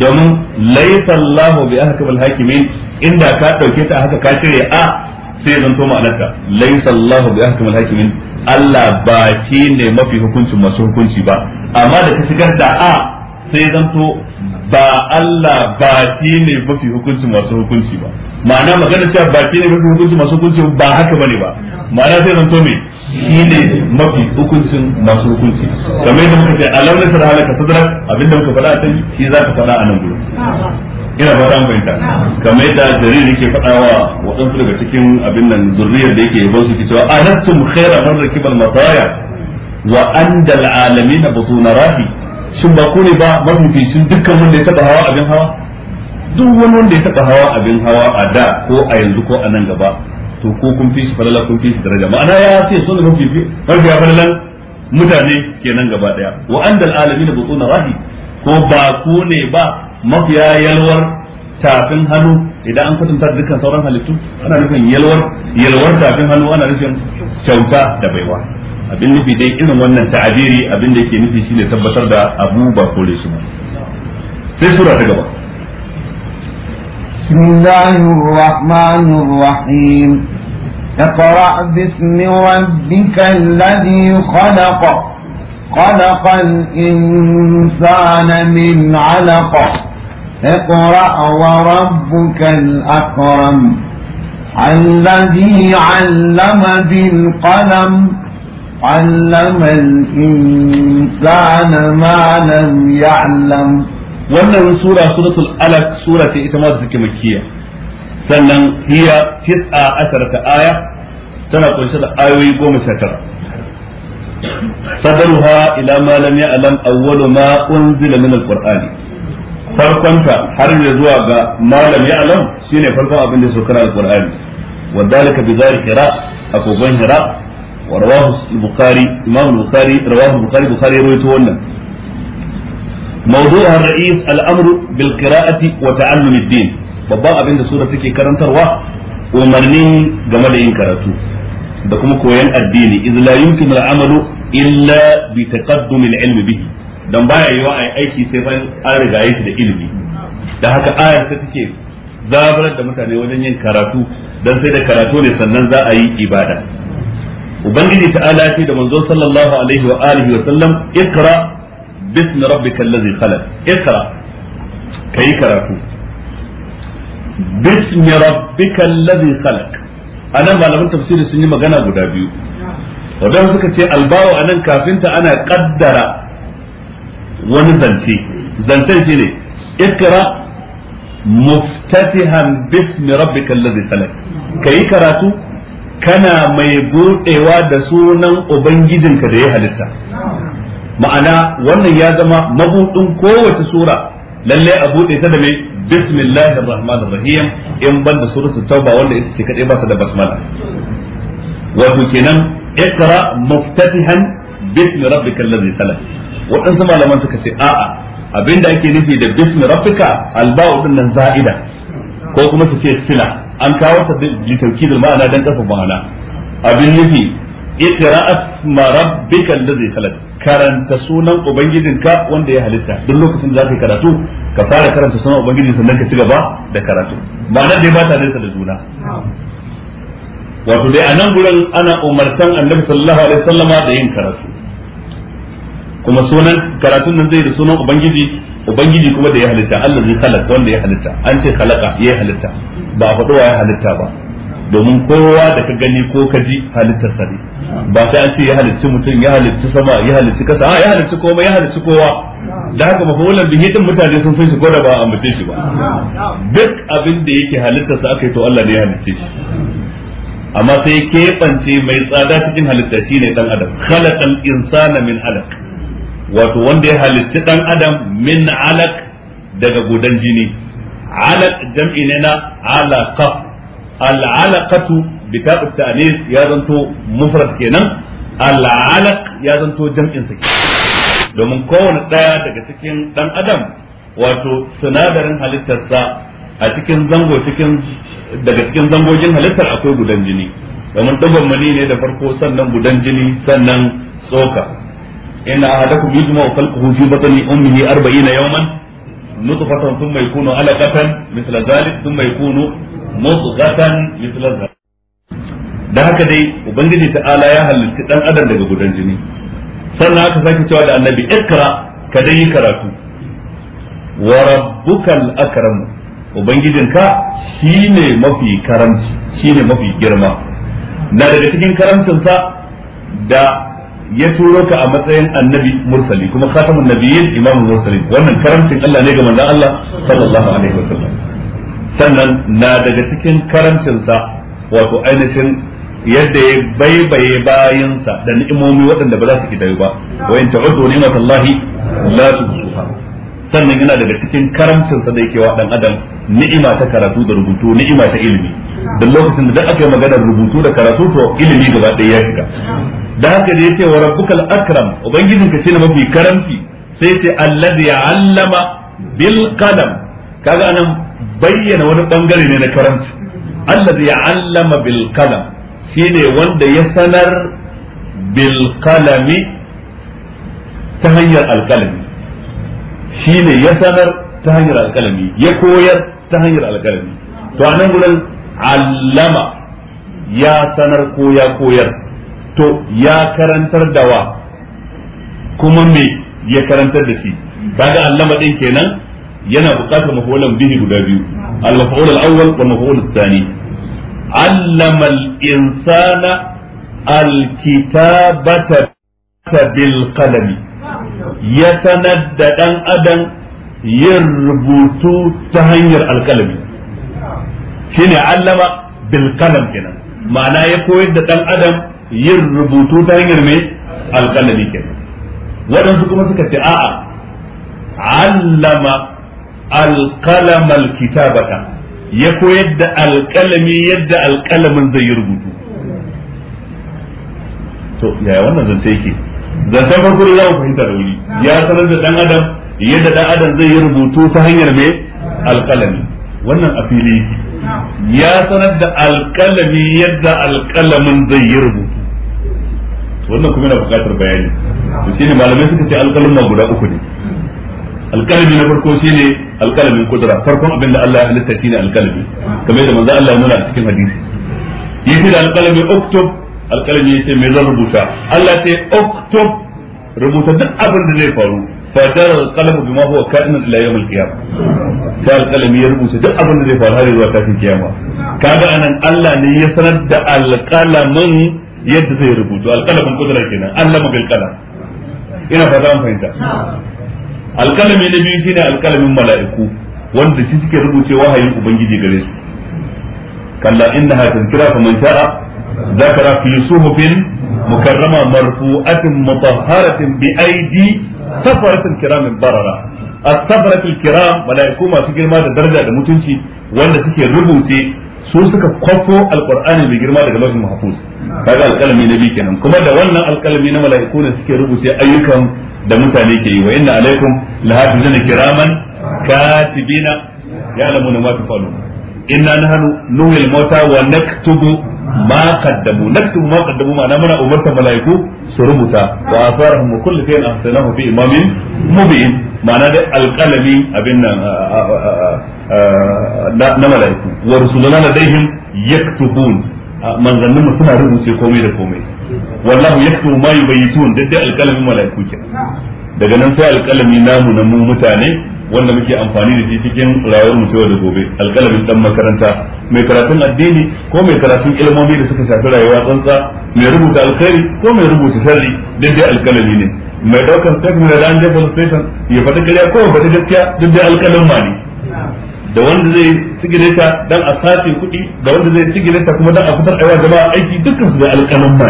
domin laysa Allahu bi ahkamil hakimin inda ka dauke ta haka ka cire a sai zan to ma'anarta laisa Allah bi ahkamul hakimin Allah ba shi ne mafi hukuncin masu hukunci ba amma da ka shigar da a sai zan to ba Allah ba shi ne mafi hukuncin masu hukunci ba ma'ana magana cewa ba shi ne mafi hukuncin masu hukunci ba haka bane ba ma'ana sai zan to me shi ne mafi hukuncin masu hukunci kamar yadda muka ce alam nasara halaka sadrak abinda muka faɗa a can shi za ka faɗa a nan gurin ina fata an fahimta ah. kamar yadda jarir yake faɗawa waɗansu daga cikin abin nan zurriyar da yake yabon su ke cewa anastum khaira man rakibal mataya wa andal alamin batuna rafi shin ba ku ne ba mafificin dukkan wanda ya taɓa hawa abin hawa duk wani wanda ya taɓa hawa abin hawa a da ko a yanzu ko a nan gaba to ko kun fi shi falala kun fi shi daraja ma'ana ya ce so da mafifi mafiya falalan mutane kenan gaba daya wa andal alamin batuna rafi ko ba ku ne ba mafiya yalwar tafin hannu idan an kwatanta dukkan sauran halittu ana nufin yalwar yalwar tafin hannu ana nufin kyauta da baiwa abin nufi dai irin wannan ta'abiri abin da yake nufi shine tabbatar da abu ba kore su ba sai sura ta gaba bismillahir rahmanir rahim اقرأ باسم ربك الذي خلق خلق الإنسان من علقه اقرأ وربك الأكرم الذي علم بالقلم علم الإنسان ما لم يعلم wannan sura suratul alaq sura ce ita ma take makkiya sannan hiya tis'a asharata aya tana kunshe da ayoyi goma sha tara sadaruha ila ma lam ya'lam awwalu ma unzila min alqur'ani farkonta har da zuwa ga malam ya alam shine farkon abin da sokar alqur'ani wa dalika bi zalika ban hira wa rawahu bukhari imam bukhari rawahu bukhari bukhari ya rawaito wannan موضوعها الرئيس الامر بالقراءه وتعلم الدين babban abin da sura take karantarwa umarni game da yin karatu da kuma koyon addini iz la yumkinu amalu illa bi taqaddum al-ilm bihi dan baya yiwa a aiki sai bayan an riga yake da ilimi da haka ayar ta take zaburar da mutane wajen yin karatu dan sai da karatu ne sannan za a yi ibada ubangiji ta'ala ce da manzo sallallahu alaihi wa alihi wa sallam ikra bismi rabbikal ladzi khalaq ikra kai karatu bismi rabbikal ladzi khalaq anan malaman tafsiri sun yi magana guda biyu wadanda suka ce albawo anan kafinta ana kaddara wani zance zancen shine ikra muftatihan bismi rabbika allazi salak kai karatu kana mai buɗewa da sunan ubangijinka da ya halitta ma'ana wannan ya zama mabuɗin kowace sura lallai a buɗe ta da mai bismillahir rahmanir rahim in banda suratul tauba wanda ita ce kadai ba ta da basmala wato kenan ikra muftatihan bismi kalla zai salak waɗansu malaman suka ce a'a abinda ake nufi da bismi rabbika alba'u din nan za'ida ko kuma su ce sila an kawo ta da ma'ana dan kafa ma'ana abin nufi iqra'a ma rabbika allazi khalaq karanta sunan ubangijinka wanda ya halitta duk lokacin da zaka karatu ka fara karanta sunan ubangiji sannan ka ci gaba da karatu ma'ana dai ba ta nesa da juna wato dai a nan gurin ana umartan annabi sallallahu alaihi wasallama da yin karatu kuma sunan karatun nan zai da sunan ubangiji ubangiji kuma da ya halitta Allah zai khalaq wanda ya halitta an ce khalaqa ya halitta ba faduwa ya halitta ba domin kowa da ka gani ko ka ji halittar sa ne ba sai an ce ya halitta mutum ya halitta sama ya halitta kasa a ya halitta kowa ya halitta kowa da haka mafulan bihi din mutane sun san shi ko da ba a ambace shi ba duk abin da yake halittar sa aka yi to Allah ne ya halitta shi amma sai keɓance mai tsada cikin halitta shine dan adam khalaqal insana min alaq wato wanda ya halitta dan adam min alaq daga gudan jini alaq jam'i ne na alaqa al alaqatu bi ta'u ta'nis ya zanto mufrad kenan al alaq ya zanto jam'in sa domin kowane daya daga cikin dan adam wato sinadarin halittarsa a cikin zango cikin daga cikin zangogin halittar akwai gudan jini domin dubban mani ne da farko sannan gudan jini sannan tsoka إن أحدكم يجمع خلقه في بطن أمه أربعين يوما نطفة ثم يكون علقة مثل ذلك ثم يكون مضغة مثل ذلك da haka dai ubangiji Ala ya halitta dan adam daga gudan jini sannan aka sake cewa da annabi ikra ka dai karatu wa rabbukal akram ubangijinka shine mafi karamci shine mafi girma na daga cikin karamcinsa da ya turo ka a matsayin annabi mursali kuma khatamun nabiyyin imamul mursalin wannan karamcin Allah ne ga manzon Allah sallallahu alaihi wasallam sannan na daga cikin karamcinsa wato ainihin yadda ya baibaye bayansa da ni'imomi waɗanda ba za su kidayu ba wa in ta'udu ni'matallahi la tuhsuha sannan yana daga cikin karamcinsa sa da yake wa dan adam ni'ima ta karatu da rubutu ni'ima ta ilimi duk lokacin da aka yi maganar rubutu da karatu to ilimi gaba ɗaya ya shiga da haka da yace wa rabbukal akram ubangijinka shine mafi karamci sai ce alladhi allama bil qalam kaga anan bayyana wani bangare ne na karamci alladhi allama bil qalam shine wanda ya sanar bil qalami ta hanyar alqalami shine ya sanar ta hanyar alqalami ya koyar ta hanyar alqalami to anan gurin allama ya sanar ko ya koyar to ya karantar da wa kuma me ya karantar da shi kaga allama din kenan yana buƙatar mafulan bihi guda biyu al-maf'ul awwal wa maf'ul thani allama al-insana al-kitabata bil qalami ya sanar da dan adam yin rubutu ta hanyar alkalami shine allama bil qalam kenan ma'ana ya koyar da dan adam yin rubutu ta hanyar mai alƙalami kenan waɗansu kuma suka ce a'a allama alƙalama alkitabata ya koyar da alƙalami yadda alƙalamin zai yi rubutu to yaya wannan zance yake zancen farko da za fahimta da wuri ya sanar da ɗan adam yadda ɗan adam zai yi rubutu ta hanyar mai alƙalami wannan a fili ya sanar da alƙalami yadda alƙalamin zai yi rubutu wannan kuma yana buƙatar bayani to shine malamai suka ce na guda uku ne alƙalami na farko shine alƙalamin kudura farkon abin da Allah ya halitta shine alƙalami kamar yadda manzo Allah ya nuna a cikin hadisi yace da alƙalami uktub alƙalami yace me zan rubuta Allah ya ce oktob rubuta duk abin da zai faru fatar alqalamu bima huwa ka'inan ila yawm al-qiyamah sai alqalami ya rubuta duk abin da zai faru har zuwa kafin kiyama kaga anan Allah ne ya sanar da alqalamin yadda zai rubutu alƙalamin kudura kenan allama bil qalam ina fata an fahimta alƙalami na biyu shine alƙalamin mala'iku wanda shi suke rubuce wahayin ubangiji da su kalla inna hatin kira fa man sha'a zakara fi suhufin mukarrama marfu'atin mutahharatin bi aidi safaratin kiramin barara as-safaratul kiram mala'iku masu girma da daraja da mutunci wanda suke rubuce su suka kwafo alkur'ani mai girma daga lafin mahfuz kaga alkalami na biyu kenan kuma da wannan alkalami na mala'iku ne suke rubuce ayyukan da mutane ke yi wa inna alaikum lahafizina kiraman katibina ya'lamuna ma tafalun inna nahnu nuhil mauta wa naktubu ma qaddamu naktubu ma qaddamu ma'ana muna umarta malaiku su rubuta wa asarahum wa kullu shay'in ahsanahu fi imamin mubin ma'ana da alqalami abin nan na malaiku wa rusuluna ladaihim yaktubun manzannin mu suna rubuce komai da komai wallahu yaktubu ma yubayyitun da alqalami alqalamin malaiku kenan daga nan sai alqalami namu na mu mutane wanda muke amfani da shi cikin rayuwar mu da gobe alƙalamin dan makaranta mai karatun addini ko mai karatun ilmomi da suka shafi rayuwa tsantsa mai rubuta alkhairi ko mai rubuta sharri duk dai alƙalami ne mai daukar takarda da an je station ya fata kariya ko ya fata gaskiya duk dai alƙalin ma ne da wanda zai ta dan a sace kuɗi da wanda zai sigire ta kuma dan a fitar aiwa jama'a aiki dukkan su da alƙalin ne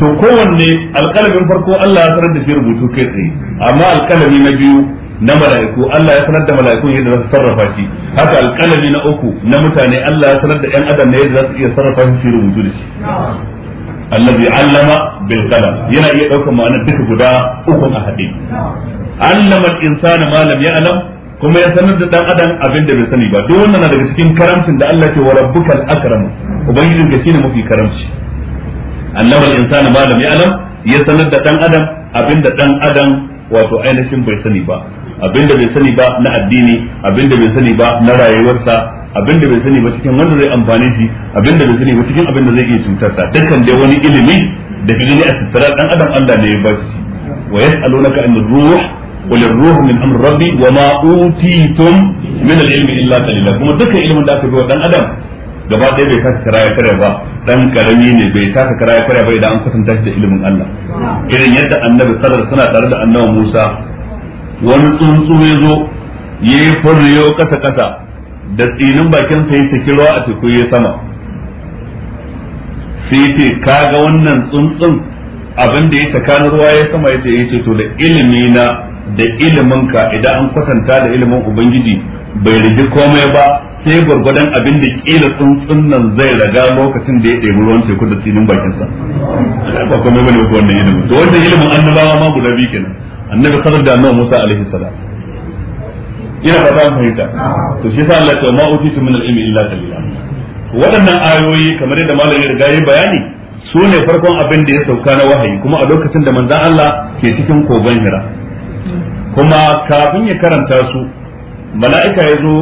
to kowanne alƙalamin farko Allah ya sanar da shi rubutu kai tsaye amma alkalami na biyu na mala'iku Allah ya sanar da mala'ikun yadda za su sarrafa shi haka alƙalami na uku na mutane Allah ya sanar da ƴan adam ne yadda za su iya sarrafa shi rubutu da shi allazi allama bil qalam yana iya daukar ma'ana duka guda uku a hade allama al insana ma lam ya'lam kuma ya sanar da dan adam abin da bai sani ba duk wannan na daga cikin karamcin da Allah ke wa rabbukal akram ubangijin ka shine mafi karamci allama al-insana ma lam ya'lam ya sanar da dan adam abinda dan adam wato ainihin bai sani ba abinda bai sani ba na addini abinda bai sani ba na rayuwarsa abinda bai sani ba cikin wanda zai amfane shi abinda bai sani ba cikin abinda zai iya cutarsa dukkan dai wani ilimi da kaje ne a tattara dan adam Allah ne ya ba shi wa yas'alunaka an ruh قل الروح من امر ربي وما اوتيتم من العلم الا قليلا kuma dukkan ilimin da aka bi wa dan adam gaba ɗaya bai taka kara ya kare ba dan karami ne bai taka kara ya kare ba idan an kwatanta shi da ilimin Allah irin yadda annabi sadar suna tare da annabi Musa wani tsuntsu ya zo ya yi furriyo kasa kasa da tsinin bakin sa ya saki ruwa a teku ya sama sai ce kaga wannan tsuntsun abin da ya tsakanin ruwa ya sama ya ce to da ilimi na da iliminka idan an kwatanta da ilimin ubangiji bai rigi komai ba sai gwargwadon abin da kila tsuntsun nan zai raga lokacin da ya ɗebi ruwan teku da tsinin bakin sa ba komai bane ko wannan ilimin to wannan ilimin annabawa ma guda biyu kenan annabi sallallahu da annabi Musa alaihi salam ina ba ta fahimta to shi sa Allah ya ma utitu min al-ilmi illa qalila waɗannan ayoyi kamar yadda malamin riga yayi bayani su ne farkon abin da ya sauka na wahayi kuma a lokacin da manzon Allah ke cikin kogon Hira kuma kafin ya karanta su mala'ika ya zo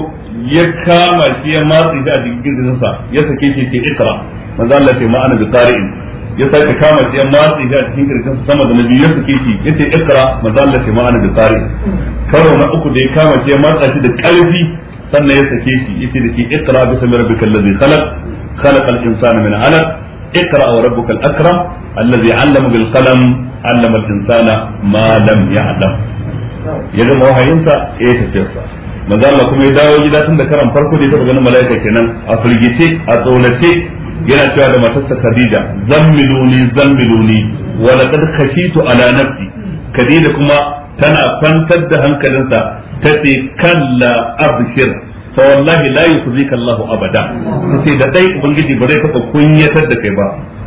ya kama shi ya matsi shi a jikin jikinsa ya sake shi ke ikra manzo Allah ce ma'ana bi qari'in ya sake kama shi ya matsi shi a cikin kirkin sama da nabi ya sake shi yace ikra manzo Allah ce ma'ana bi qari'in karo na uku da ya kama shi ya matsa shi da karfi sannan ya sake shi yace da ke ikra bi sabbi rabbikal ladzi khalaq khalaqa al-insana min 'alaq ikra wa rabbukal akram alladhi 'allama bil qalam 'allama al-insana ma lam ya'lam ya zama wahayinsa ya tafiyarsa manzo Allah kuma ya dawo gida tun da karan farko da ya taba ganin mala'ika kenan a firgice a tsorace yana cewa da matarsa Khadija zammiluni zammiluni wa laqad khashitu ala nafsi Khadija kuma tana kwantar da hankalinsa ta ce kalla abshir fa wallahi la yukhzika Allahu abada sai da dai ubangiji ba zai taba kunyatar da kai ba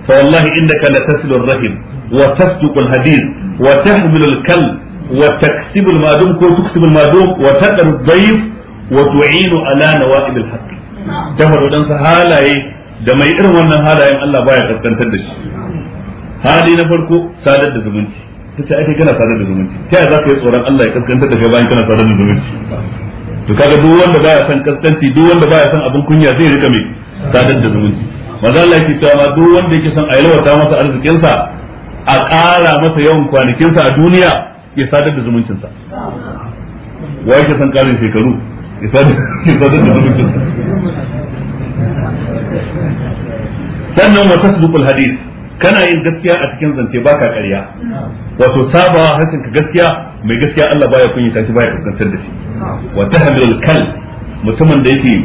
fa wallahi innaka latasilu rahim wa tasduqu al-hadith wa tahmilu al-kalb wa taksibul madum ko tuksibul madum wa taqar dhayf wa tu'inu ala nawa'ib al haqq da wadan sa halaye da mai irin wannan halayen Allah baya kaskantar da shi farko zumunci ake kana sadar da zumunci kai za ka yi tsoron Allah ya da kai bayan kana sadar da zumunci to kaga duk wanda baya son kaskanci duk wanda baya son abin kunya zai rika mai sadar da zumunci maza Allah yake cewa duk wanda yake son a yalwata masa arzikinsa a ƙara masa yawan kwanakinsa a duniya ya sadar da zumuncinsa wa yake san karin shekaru ya sadar da zumuncinsa sannan wa tasduqul hadith kana yin gaskiya a cikin zance ba baka ƙarya wato saba harshen ka gaskiya mai gaskiya Allah baya kunyata shi baya kaskantar da shi wa tahmilul kal mutumin da yake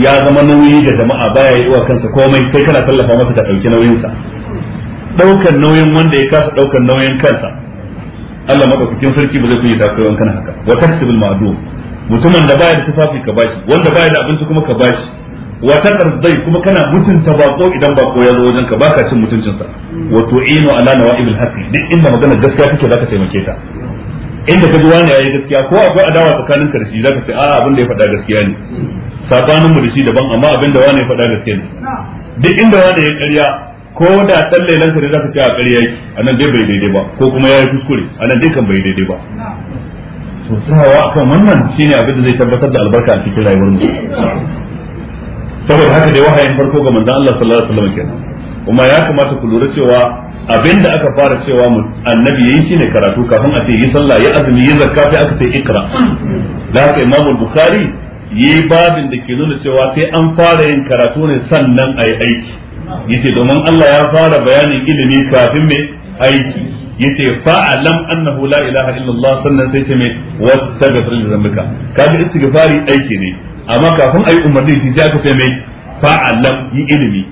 ya zama nauyi ga jama'a baya yi wa kansa komai sai kana tallafa masa ka dauki nauyin sa nauyin wanda ya kasa daukan nauyin kansa Allah madaukakin sarki ba zai kuyi takai kana haka wa tahsibul ma'dum mutumin da baya da tufafi ka bashi wanda baya da abinci kuma ka bashi wa taqardai kuma kana mutunta bako idan bako ya zo wajen ka baka cin mutuncin sa wa tu'inu ala nawa'ibil haqqi duk inda magana gaskiya kake zaka taimake ta inda ka ji wani yayi gaskiya ko akwai adawa tsakanin ka da shi zaka ce a abin da ya faɗa gaskiya ne sabanin mu da shi daban amma abin da wani ya faɗa gaskiya ne duk inda wani ya ƙarya ko da dan lailan ka ne zaka ce a ƙarya yake anan dai bai daidai ba ko kuma yayi kuskure anan dai kan bai daidai ba to sawa akan wannan shine abin da zai tabbatar da albarka a cikin rayuwar mu saboda haka dai wahayin farko ga manzon Allah sallallahu alaihi wasallam kenan kuma ya kamata ku lura cewa abin da aka fara cewa annabi yayi shine karatu kafin a ce yi sallah ya azumi yi zakka sai aka ce ikra da haka Imam Bukhari yi babin da ke nuna cewa sai an fara yin karatu ne sannan ayi aiki yace domin Allah ya fara bayanin ilimi kafin me aiki yace fa'alam annahu la ilaha illallah sannan sai ce me wastaghfir li dhanbika kaga istighfari aiki ne amma kafin ayi umarni ki sai aka ce me fa'alam yi ilimi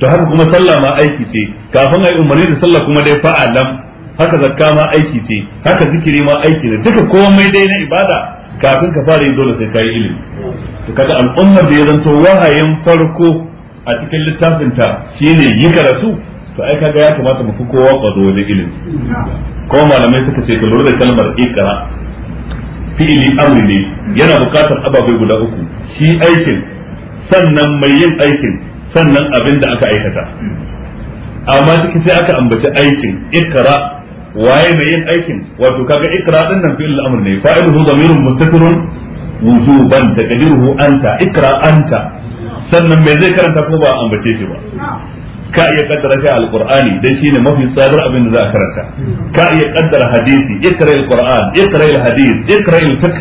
to haka kuma sallah ma aiki ce kafin ayi umarni da sallah kuma dai fa'alam haka zakka ma aiki ce haka zikiri ma aiki ne duka komai dai na ibada kafin ka fara yin dole sai ka yi ilimi to kaga al'ummar da ya zanto wahayin farko a cikin littafin ta shine yi karatu to ai kaga ya kamata mu fi kowa kwazo wajen ilimi ko malamai suka ce ka lura da kalmar ikra fi'ili amri ne yana bukatar ababai guda uku shi aikin sannan mai yin aikin sannan abin da aka aikata amma cikin sai aka ambaci aikin ikra waye mai yin aikin wato kaga ikra din nan fi'il amr ne fa'iluhu dhamirun mustatirun wujuban taqdiruhu anta ikra anta sannan me zai karanta ko ba ambace shi ba ka iya kaddara shi alqur'ani dan shine mafi tsadar abin da za a karanta ka iya kaddara hadisi ikra alqur'an ikra alhadith ikra alfiqh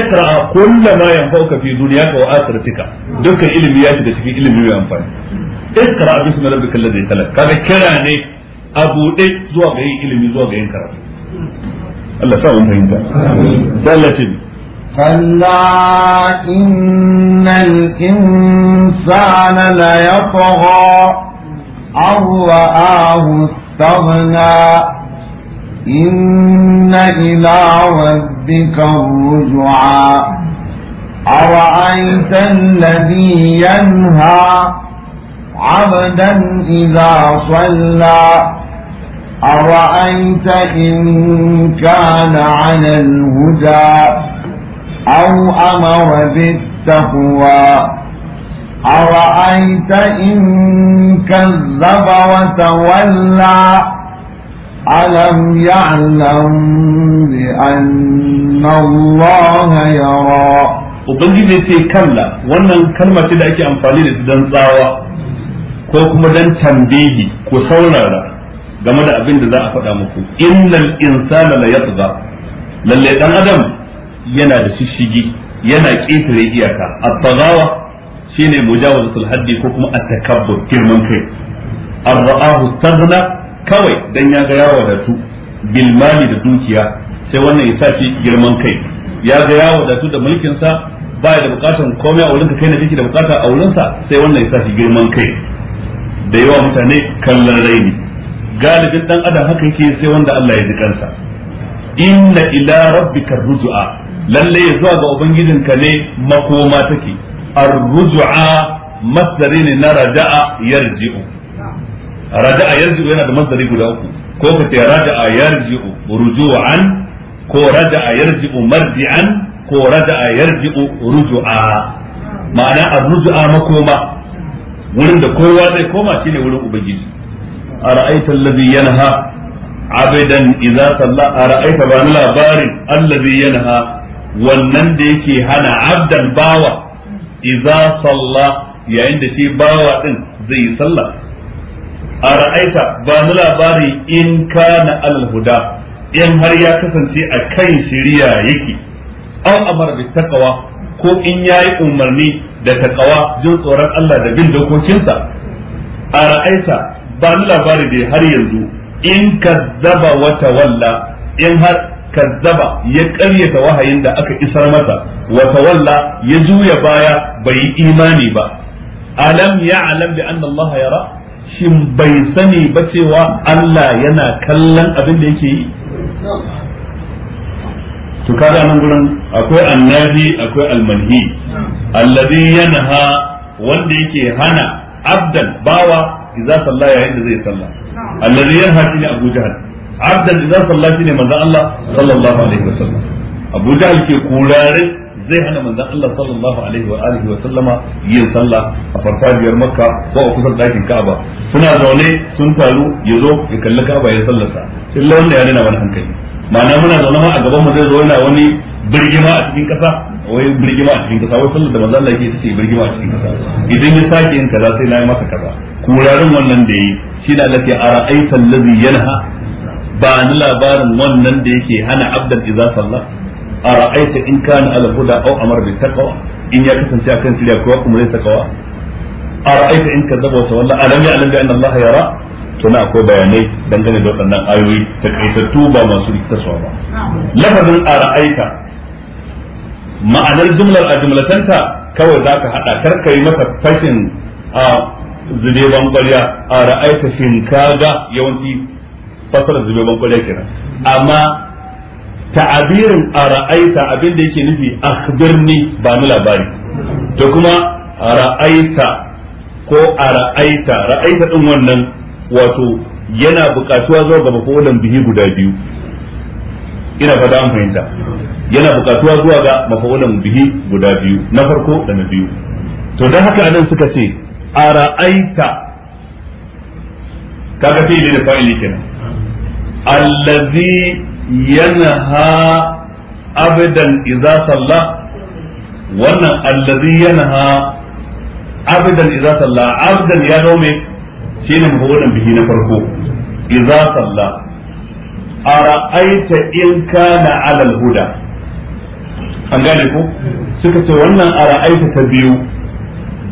ikra kull ma yanfa'uka fi dunyaka wa akhiratika dukkan ilimi ya shiga cikin ilimi mai amfani ikra bismi rabbikal ladzi khalaq kaga kira ne a bude zuwa ga yin ilimi zuwa ga yin karatu Allah sa mu fahimta. Amin. كلا إن الإنسان ليطغى أو رآه استغنى إن إلى ربك الرجعى أرأيت الذي ينهى عبدا إذا صلى أرأيت إن كان على الهدى أو أمر بالتقوى أرأيت إن كذب وتولى ألم يعلم بأن الله يرى Ubangiji ce kalla wannan kalma ce da ake amfani da don tsawa ko kuma don tambihi ko saurara game da abin da za a faɗa muku innal insana la yatgha lalle dan adam yana da shishigi yana ƙetare iyaka at shine mujawazatul haddi ko kuma at-takabbur girman kai ar-ra'ahu kawai dan ya ga yawa da su bil mali da dukiya sai wannan ya sashi girman kai ya ga yawa da su da mulkin sa ba da bukatan komai a wurinka kai na kike da bukata a sa sai wannan ya sashi girman kai da yawa mutane kallon raini galibin dan adam haka yake sai wanda Allah ya ji kansa inna ila rabbika rujua lalle zuwa ga ubangijinka ne makoma take ar-ruj'a masdari ne na raja'a yarji'u raja'a yarji'u yana da masdari guda uku ko ka ce raja'a yarji'u ruju'an ko raja'a yarji'u marji'an ko raja'a yarji'u ruju'a ma'ana ar-ruj'a makoma wurin da kowa zai koma shine wurin ubangiji ara'aita allazi yanha abadan idza salla ara'aita ba labarin allazi yanha wannan da yake hana abdan bawa idza salla yayin da shi bawa din zai yi sallah a ra'aita ba ni labari in kana alal huda in har ya kasance a kan shiriya yake aw amara bi taqwa ko in yayi umarni da taqwa jin tsoron Allah da bin dokokinsa a ra'aita ba ni labari da har yanzu in kazzaba wa tawalla in har kazzaba ya ƙaryata wahayin da aka isar masa wa tawalla ya juya baya bai yi imani ba alam alam bi anna Allah yara shin bai sani ba cewa Allah yana kallon abin da yake yi to kaga nan gurin akwai annabi akwai almanhi alladhi yanha wanda yake hana abdan bawa idza salla yayin da zai salla alladhi yanha shine abu jahal abdan da zan sallah shine manzon Allah sallallahu alaihi wa sallam Abu Jahl ke kurare zai hana manzon Allah sallallahu alaihi wa alihi wa sallama yin sallah a farfajiyar Makka ko a kusan dakin Ka'aba suna zaune sun taru yazo ya kalli Ka'aba ya sallarsa sai lawan ya nuna wani hankali ma'ana muna zaune ma a gaban mu zai zo yana wani birgima a cikin kasa wai birgima a cikin kasa wai sallar da manzo Allah yake tace birgima a cikin kasa idan ya sake in kaza sai na yi maka kaza kurarin wannan da yi shi da Allah ke ara'aita allazi yanha ba ni labarin wannan da yake hana abdan idza salla a ra'aita in kana ala huda aw amara bi taqwa in ya kasance akan shirya ko kuma zai taqwa a ra'aita in kazzaba wa tawalla alam ya ya'lam bi anna allaha yara to na akwai bayanai dangane da waɗannan ayoyi takaitattu tuba masu rikitarwa ba lafazin a ra'aita ma'anar jumlar a jumlatanta kawai zaka hada kar kai mata fashin a zube ban a ra'aita shin kaga yawanci fasalar zube ban kwarai kenan amma ta'abirin a abin da yake nufi akhbirni ba ni labari to kuma ra'aita ko a ra'aita din wannan wato yana bukatuwa zuwa ga mafulan bihi guda biyu ina fada an fahimta yana bukatuwa zuwa ga mafulan bihi guda biyu na farko da na biyu to dan haka anan suka ce a ra'aita kaga fi'ili da fa'ili kenan allazi yanha wannan allazi yanha abadan idza salla abdan ya zo shine mabudan bihi na farko idza salla ara'aita in kana an gane ku? suka ce wannan ra'aita ta biyu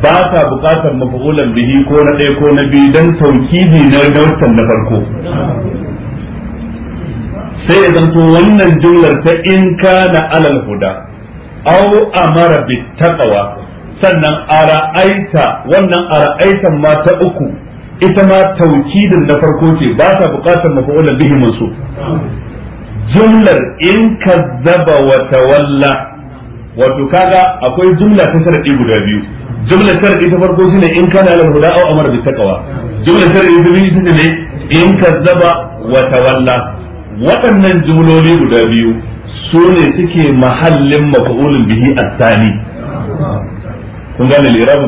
ba ta bukatar mafulan bihi ko na ɗaya ko na biyu don taukidi na wancan na farko sai ya zanto wannan jumlar ta in kana alal huda aw amara bit taqwa sannan ara'aita wannan ara'aitan ma ta uku ita ma taukidin na farko ce ba ta buƙatar mafi'ulan bihi mansu jumlar in kazzaba wa tawalla wato kaga akwai jumla ta sharadi guda biyu Jumlar sharadi ta farko shine in kana alal huda aw amara bit taqwa jumla sharadi ta biyu shine in kazzaba wa tawalla waɗannan jumloli guda biyu su ne suke mahallin mafa'ulun bihi asali kun gane lirabu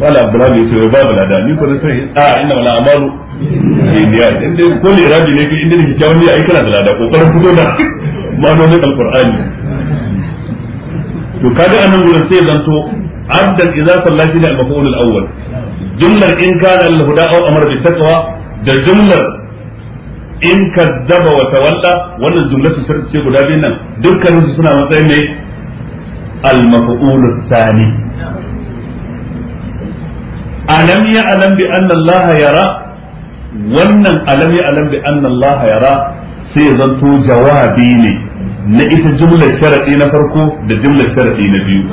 wala abdullahi ya ce wai babu lada ni kuma sai a inna wala amaru indiya inda ko lirabi ne inda ne kyawun ne ai kana da lada ko kokarin fito da ma'anonin alqur'ani to kaga anan gurin sai zanto abdan idza sallati al-maf'ul al-awwal jumlar in kana al-huda aw amara bi taqwa da jumlar in kazzaba wa tawalla wannan jumla sirri ce guda biyun nan dukkanin su suna matsayin ne al-maf'ulus sani alam ya alam bi anna Allah yara wannan alam ya alam bi anna Allah yara sai zanto jawabi ne na ita jumlar sharadi na farko da jumlar sharadi na biyu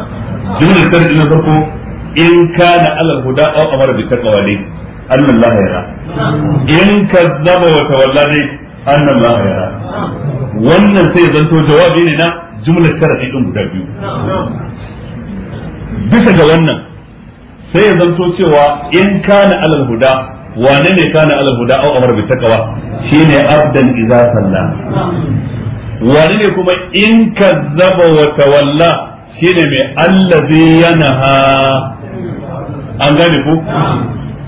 jumlar sharadi na farko in kana alal huda aw amara bi taqwa anna Allah yara in kazzaba wa tawalla dai anna Allah yara wannan sai zanto jawabi ne na jumlar sharadi din guda biyu bisa ga wannan sai zanto cewa in kana alal huda wane ne kana alal huda au amar bi taqwa shine abdan idza salla ne kuma in wata wa shine mai allazi yanaha an gane ku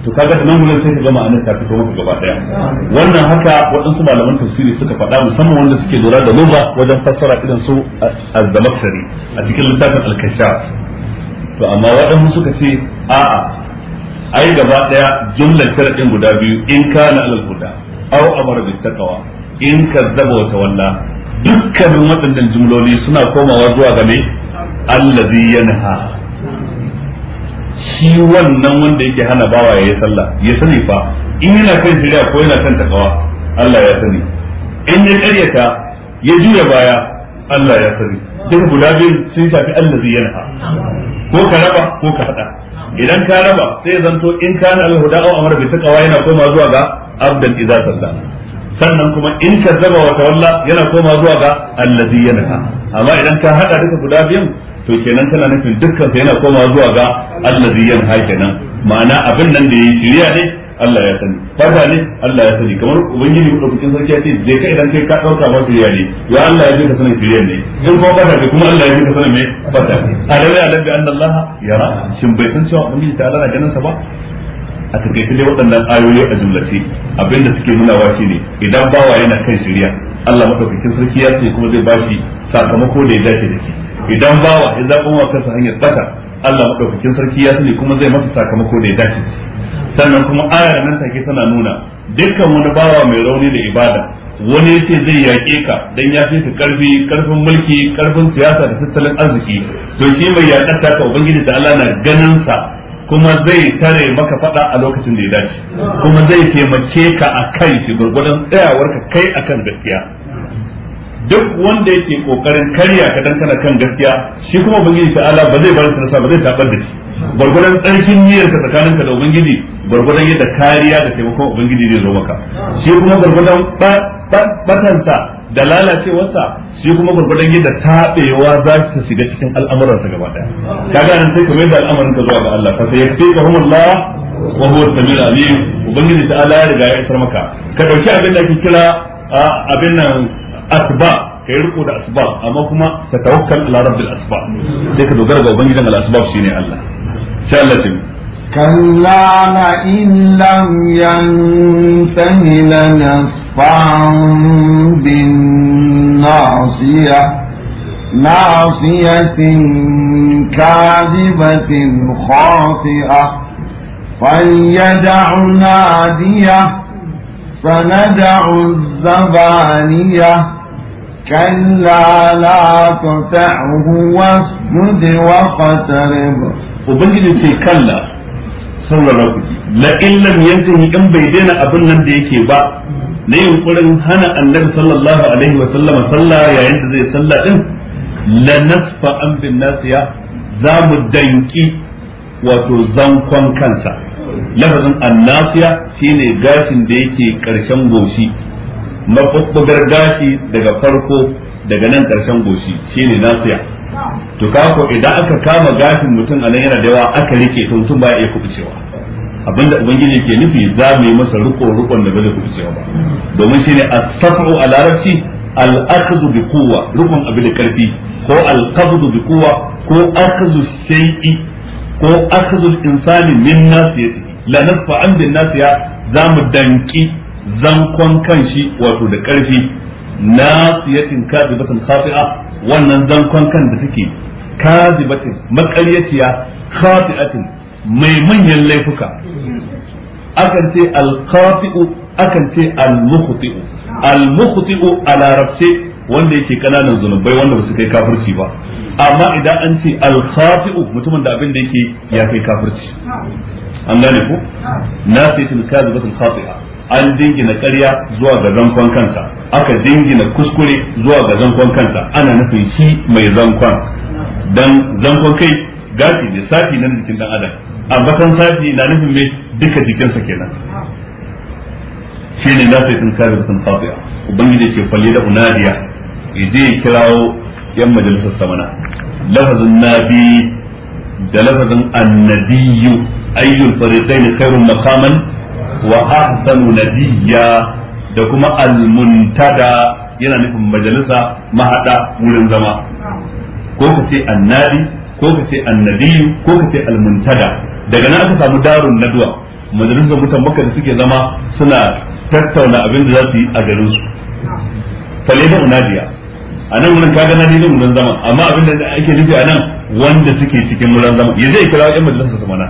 to kaga da nan gurin sai ka gama anan ta fito maka gaba daya wannan haka waɗansu malaman tafsiri suka faɗa musamman wanda suke lura da lugha wajen fassara irin su az-zamakhshari a cikin littafin al-kashaf to amma waɗansu suka ce a'a ai gaba daya jumlar sharadin guda biyu in kana alal huda aw amara bit taqwa in kazzaba wa tawalla dukkanin waɗannan jumloli suna komawa zuwa ga me allazi yanha shi wannan wanda yake hana bawa ya yi sallah ya sani fa in yana kan shari'a ko yana kan takawa Allah ya sani in ya karyata ya juya baya Allah ya sani duk guda biyu sun shafi zai yana ko ka raba ko ka hada idan ka raba sai zanto in ka kana alhuda aw amara bi taqwa yana koma zuwa ga abdan idza sallah sannan kuma in ka zaba wa tawalla yana koma zuwa ga allazi yana amma idan ka hada duka guda biyun to kenan tana nufin dukkan sa yana koma zuwa ga allazi yanha kenan ma'ana abin nan da yayi shirya ne Allah ya sani fada ne Allah ya sani kamar ubangiji ko cikin sarki ya ce je kai idan kai ka dauka ba su ne ya Allah ya ji ka sani shirya ne in ko fada ke kuma Allah ya ji ka sani me fada ala ya alam anna Allah yara shin bai san cewa ubangiji ta Allah na ganin sa ba a takaice dai waɗannan ayoyi a jumlace abinda suke nunawa shine idan bawa yana kan shirya Allah madaukakin sarki ya ce kuma zai bashi sakamako da ya dace da shi idan bawa ya zaɓi wa kansa hanyar tsaka Allah maɗaukakin sarki ya sani kuma zai masa sakamako da ya dace sannan kuma ayar nan take tana nuna dukkan wani bawa mai rauni da ibada wani yace zai yaƙe ka don ya fi ka karfi karfin mulki karfin siyasa da tattalin arziki to shi mai yaƙar ta ubangiji da Allah na ganin sa kuma zai tare maka faɗa a lokacin da ya dace kuma zai taimake ka a kai shi gurgurdan tsayawar ka kai akan gaskiya duk wanda yake kokarin karya ka dan kana kan gaskiya shi kuma ubangiji ala ba zai bar sa ba zai tabar da shi gurgurdan tsarkin niyyar ka tsakanin ka da ubangiji gurgurdan yadda kariya da taimakon ubangiji zai zo maka shi kuma gurgurdan batansa da lalacewarsa shi kuma gurgurdan yadda tabewa za ta shiga cikin al'amuran ta gaba daya kaga nan sai ka mai da al'amarin ka zuwa ga Allah fa sai Allah wa huwa as alim ubangiji ala ya riga ya isar maka ka dauki abin da ake kira abin nan asbab ka yi riko da asbab amma kuma ka tawakkal ala rabbil asbab sai ka dogara ga ubangijin al asbab shine Allah sai Allah ce la ta كلا لئن لم ينته لنصفعا بالناصية ناصية كاذبة خاطئة فليدع نادية سندع الزبانيه كلا لا تطعه واسجد واقترب وبنجد في كلا saurara ku la illam yantahi in bai daina abin nan da yake ba na yunkurin hana annabi sallallahu alaihi wa sallama sallah yayin da zai sallah din la nasfa an bin nasiya za mu danki wato zankon kansa lafazin annasiya shine gashin da yake ƙarshen goshi mabubbugar gashi daga farko daga nan karshen goshi shine nasiya to kako idan aka kama gashin mutum nan yana da yawa aka rike to mutum baya iya kubucewa abinda ubangiji ke nufi za mu yi masa riko rukon da ba zai kubucewa ba domin shine as-safu a larabci al-akhdhu bi quwwa rukun abu da karfi ko al-qabdu bi quwwa ko akhdhu shay'i ko akhdhu al-insani min nasiyati la nasfa an bin nasiya za mu danki zankon kanshi wato da ƙarfi karfi nasiyatin batun khafi'a wannan zankon kan da take kadibatin makaryaciya khafi'atin mai manyan laifuka akan ce al khafiu akan ce al-mukhti'u al-mukhti'u a larabce wanda yake kananan zunubai wanda ba su kai kafirci ba amma idan an ce al khafiu mutumin da abin da yake ya kai kafirci an gane ko nasiyatin batun khafi'a an dingina ƙarya zuwa ga zankon kansa aka dingina kuskure zuwa ga zankon kansa ana nufin shi mai zankon dan zankon kai gashi ne sati nan jikin dan adam ambatan sati na nufin mai duka jikinsa kenan shine da sai tun kare sun fadiya ubangiji ce falle da unadiya yaje ya kirawo yan majalisar samana lafazin nabi da lafazin annabiyyu ayyul fariqain khairun maqaman wa ahsanu nabiyya da kuma almuntada yana nufin majalisa mahada wurin zama ko ka ce annabi ko ka ce annabiyu ko ka ce almuntada daga nan aka samu darun nadwa majalisa mutan makka da suke zama suna tattauna abin da za su yi a garin su falaiba unadiya a nan wurin kaga nadi ne wurin zama amma abin da ake nufi a nan wanda suke cikin wurin zama yanzu ya kira yan majalisa su mana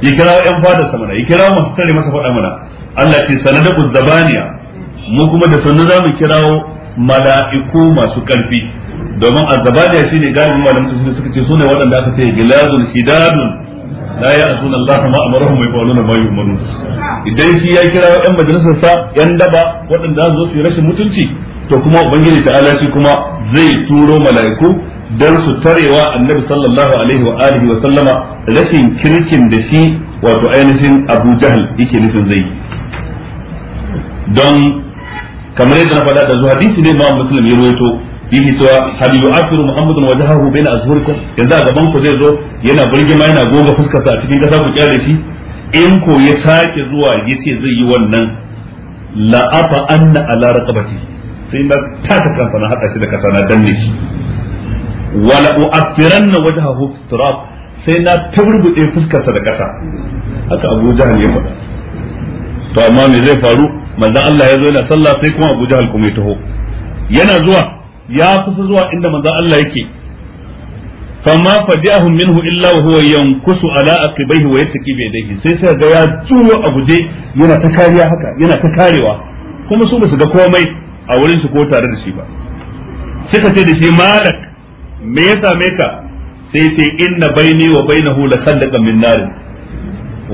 ya kira ƴan fadar sa mana ya kira masu tare masa faɗa mana Allah ce sanada zabaniya mu kuma da sannu za mu kirawo mala'iku masu karfi domin a azabaniya shine galibin malamin su suka ce sune waɗanda aka ce gilazun shidadun la ya'tuna Allah ma amaruhum wa yaquluna ma yu'minun idan shi ya kira ƴan majalisar sa ƴan daba waɗanda za su yi rashin mutunci to kuma ubangiji ta'ala shi kuma zai turo mala'iku dan su tarewa annabi sallallahu alaihi wa alihi wa sallama rashin kirkin da shi wato ainihin Abu Jahl yake nufin zai don kamar yadda na faɗa da zuwa hadisi ne ma musulmi ya rawaito yake to hal yu'athiru muhammadun wajhahu baina azhurikum yanzu a gaban ku zai zo yana burgima yana goga fuskarsa a cikin kasa ku kyale shi in ko ya sake zuwa yace zai yi wannan la'afa anna ala raqabati sai na taka kansa na shi da kasa na danne shi wala u'affiranna wajhahu fi turab sai na taburbude fuskarsa da kasa haka Abu Jahal ya faɗa to amma me zai faru manzon Allah ya zo yana sallah sai kuma Abu Jahal kuma ya taho yana zuwa ya kusa zuwa inda manzon Allah yake فما فديهم منه الا وهو ينكس على عقبيه ويتقي bai sai sai ga ya tsuwa a guje yana ta kariya haka yana ta karewa kuma su basu ga komai a wurin su ko tare da shi ba suka ce da shi malak me ya same ka sai ce inna baini wa bainahu la khandaqan min nar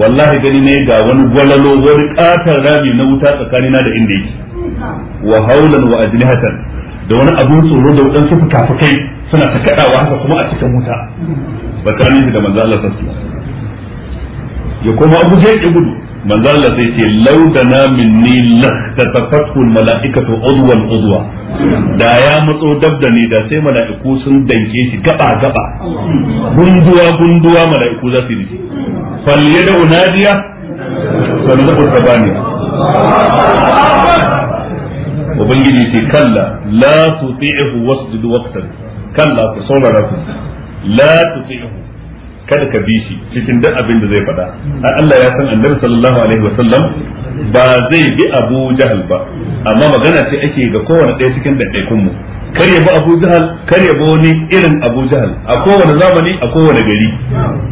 wallahi gani ne ga wani gwalalo wani katar rami na wuta tsakanina da inda yake wa haulan wa ajlihatan da wani abun tsoro da wadansu fukafukai suna ta kadawa haka kuma a cikin wuta ba tsakanin da manzo Allah sallallahu alaihi wasallam ya kuma abu zai gudu manzo Allah sai ce laudana minni lahtatafathu almalaikatu udwan udwa da ya matso dab da ni da sai mala'iku sun danke shi gaba gaba gunduwa gunduwa mala'iku za su yi falyada unadiya sanadu tabaniya ubangiji ce kalla la su wasu wasjud waqtan kalla ku saurara ku la su tuti'hu kada ka bi shi cikin duk abin da zai faɗa ai Allah ya san annabi sallallahu alaihi wa sallam ba zai bi Abu Jahal ba amma magana ce ake ga kowane ɗaya cikin daɗaikun mu kar ya bi Abu Jahal kar ya bi wani irin Abu Jahal a kowane zamani a kowane gari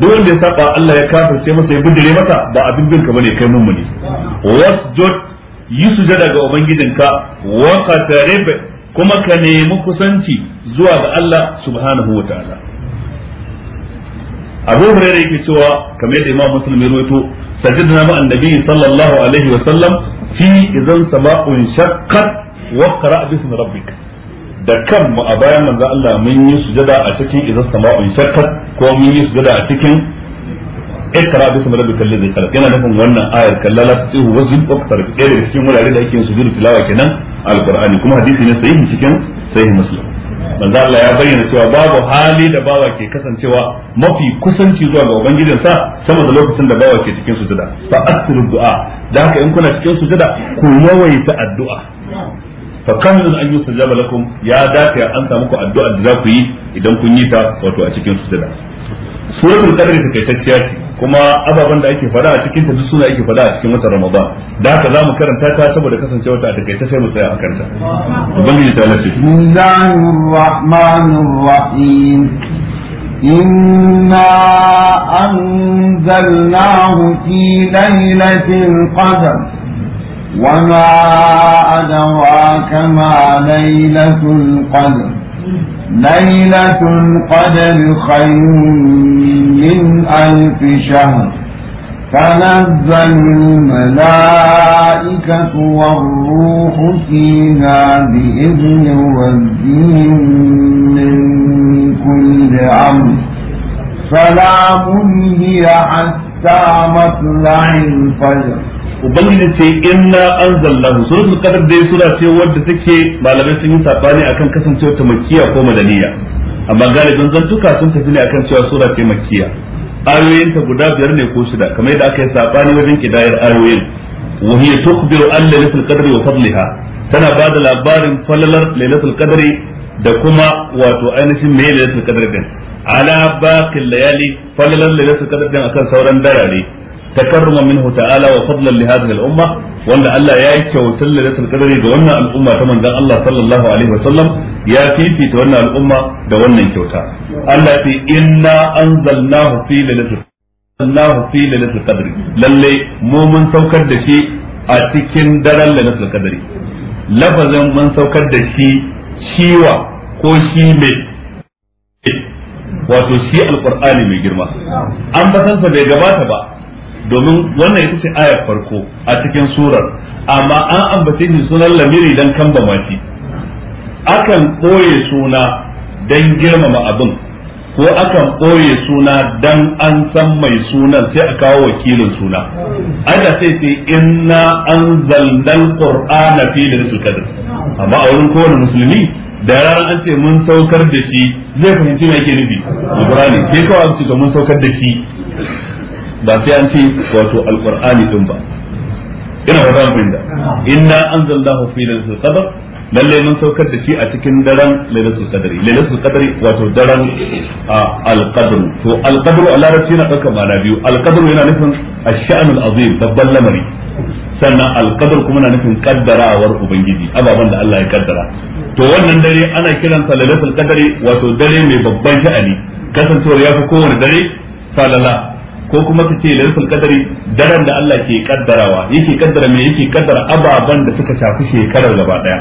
duk wanda ya saba Allah ya kafirce masa ya bindire masa ba abin bin ka bane kai mummuni wasjud yi sujada ga ubangijinka wa qatarib kuma ka nemi kusanci zuwa ga Allah subhanahu wa ta'ala abu hurairah yake cewa kamar yadda imam muslim ya rawaito sajidna ma annabi sallallahu alaihi wa sallam fi idan sama'un shaqqat wa qara' bismi rabbik da kan mu a bayan manzo Allah mun yi sujada a cikin idan sama'un shaqqat ko mun yi sujada a cikin ikra bismi rabbikal ladzi khalaq yana nufin wannan ayar kallala tsihu wazin uktar ɗaya daga cikin wurare da ake yin sujudu tilawa kenan alqur'ani kuma hadisi ne sahihi cikin sahihi muslim manzo Allah ya bayyana cewa babu hali da bawa ke kasancewa mafi kusanci zuwa ga ubangijin sa sama da lokacin da bawa ke cikin sujada fa asiru du'a da haka in kuna cikin sujada ku yawaita addu'a fa kamun an yusajaba lakum ya dace an samu ku addu'a da za ku yi idan kun yi ta wato a cikin sujada suratul qadr ta ce kuma ababen da ake fada a cikin duk suna ake fada a cikin watan Ramadan da haka zamu karanta ta saboda kasancewa ta daga ta sai mu tsaya a kanta ubangiji ta lafi Bismillahir Rahmanir Rahim إنا أنزلناه في ليلة القدر وما أدراك ما ليلة القدر ليلة القدر خير من ألف شهر تنزل الملائكة والروح فيها بإذن ربهم من كل أمر سلام هي حتى مطلع الفجر ubangiji ce inna anzalnahu suratul qadr dai sura ce wanda take malamai sun yi sabani akan kasancewar ta makkiya ko madaniya amma galibin zantuka sun tafi ne akan cewa sura ce makkiya ayoyin ta guda biyar ne ko shida kamar yadda aka yi sabani wajen kidayar ayoyin wa hiya tukhbiru an lailatul qadri wa fadliha tana ba da labarin falalar lailatul qadri da kuma wato ainihin me lailatul qadri din ala baqil layali falalar lailatul qadri din akan sauran darare takarruman minhu ta'ala wa fadlan li hadhihi al-umma wanda Allah ya yi kyautar lailatul qadri ga wannan al'umma ta manzon Allah sallallahu alaihi wasallam ya fifita wannan al'umma da wannan kyauta Allah ya in na anzalnahu fi lailatul mu mun saukar da shi a cikin daren lailatul lafazin mun saukar da shi shiwa ko shi mai wato shi alqur'ani mai girma an fasansa bai gabata ba domin wannan ita ce ayar farko a cikin surar amma an ambace shi sunan lamiri dan ba mafi. akan ɓoye suna dan girmama abin ko akan ɓoye suna dan an san mai sunan sai a kawo wakilin suna ada sai sai inna anzalnal qur'ana fi lailatul kadr amma a wurin kowane musulmi da ran an ce mun saukar da shi zai fahimci me yake nufi alqur'ani sai kawai an ce mun saukar da shi ba sai an ce wato alqur'ani din ba ina wa zan binda inna anzalnahu fi lailatul qadr lalle mun saukar da shi a cikin daren lailatul qadri lailatul qadri wato daren alqadr to alqadr a larabci yana daukar ma'ana biyu alqadr yana nufin ash-sha'nul azim babban lamari sannan alqadr kuma na nufin kaddarawar ubangiji ababan da Allah ya kaddara to wannan dare ana kiran kiransa lailatul qadri wato dare mai babban sha'ani kasancewar ya fi kowane dare falala ko kuma su ce lailatul kadari daren da Allah ke kaddarawa yake kaddara me yake kaddara ababan da suka shafi shekarar gaba daya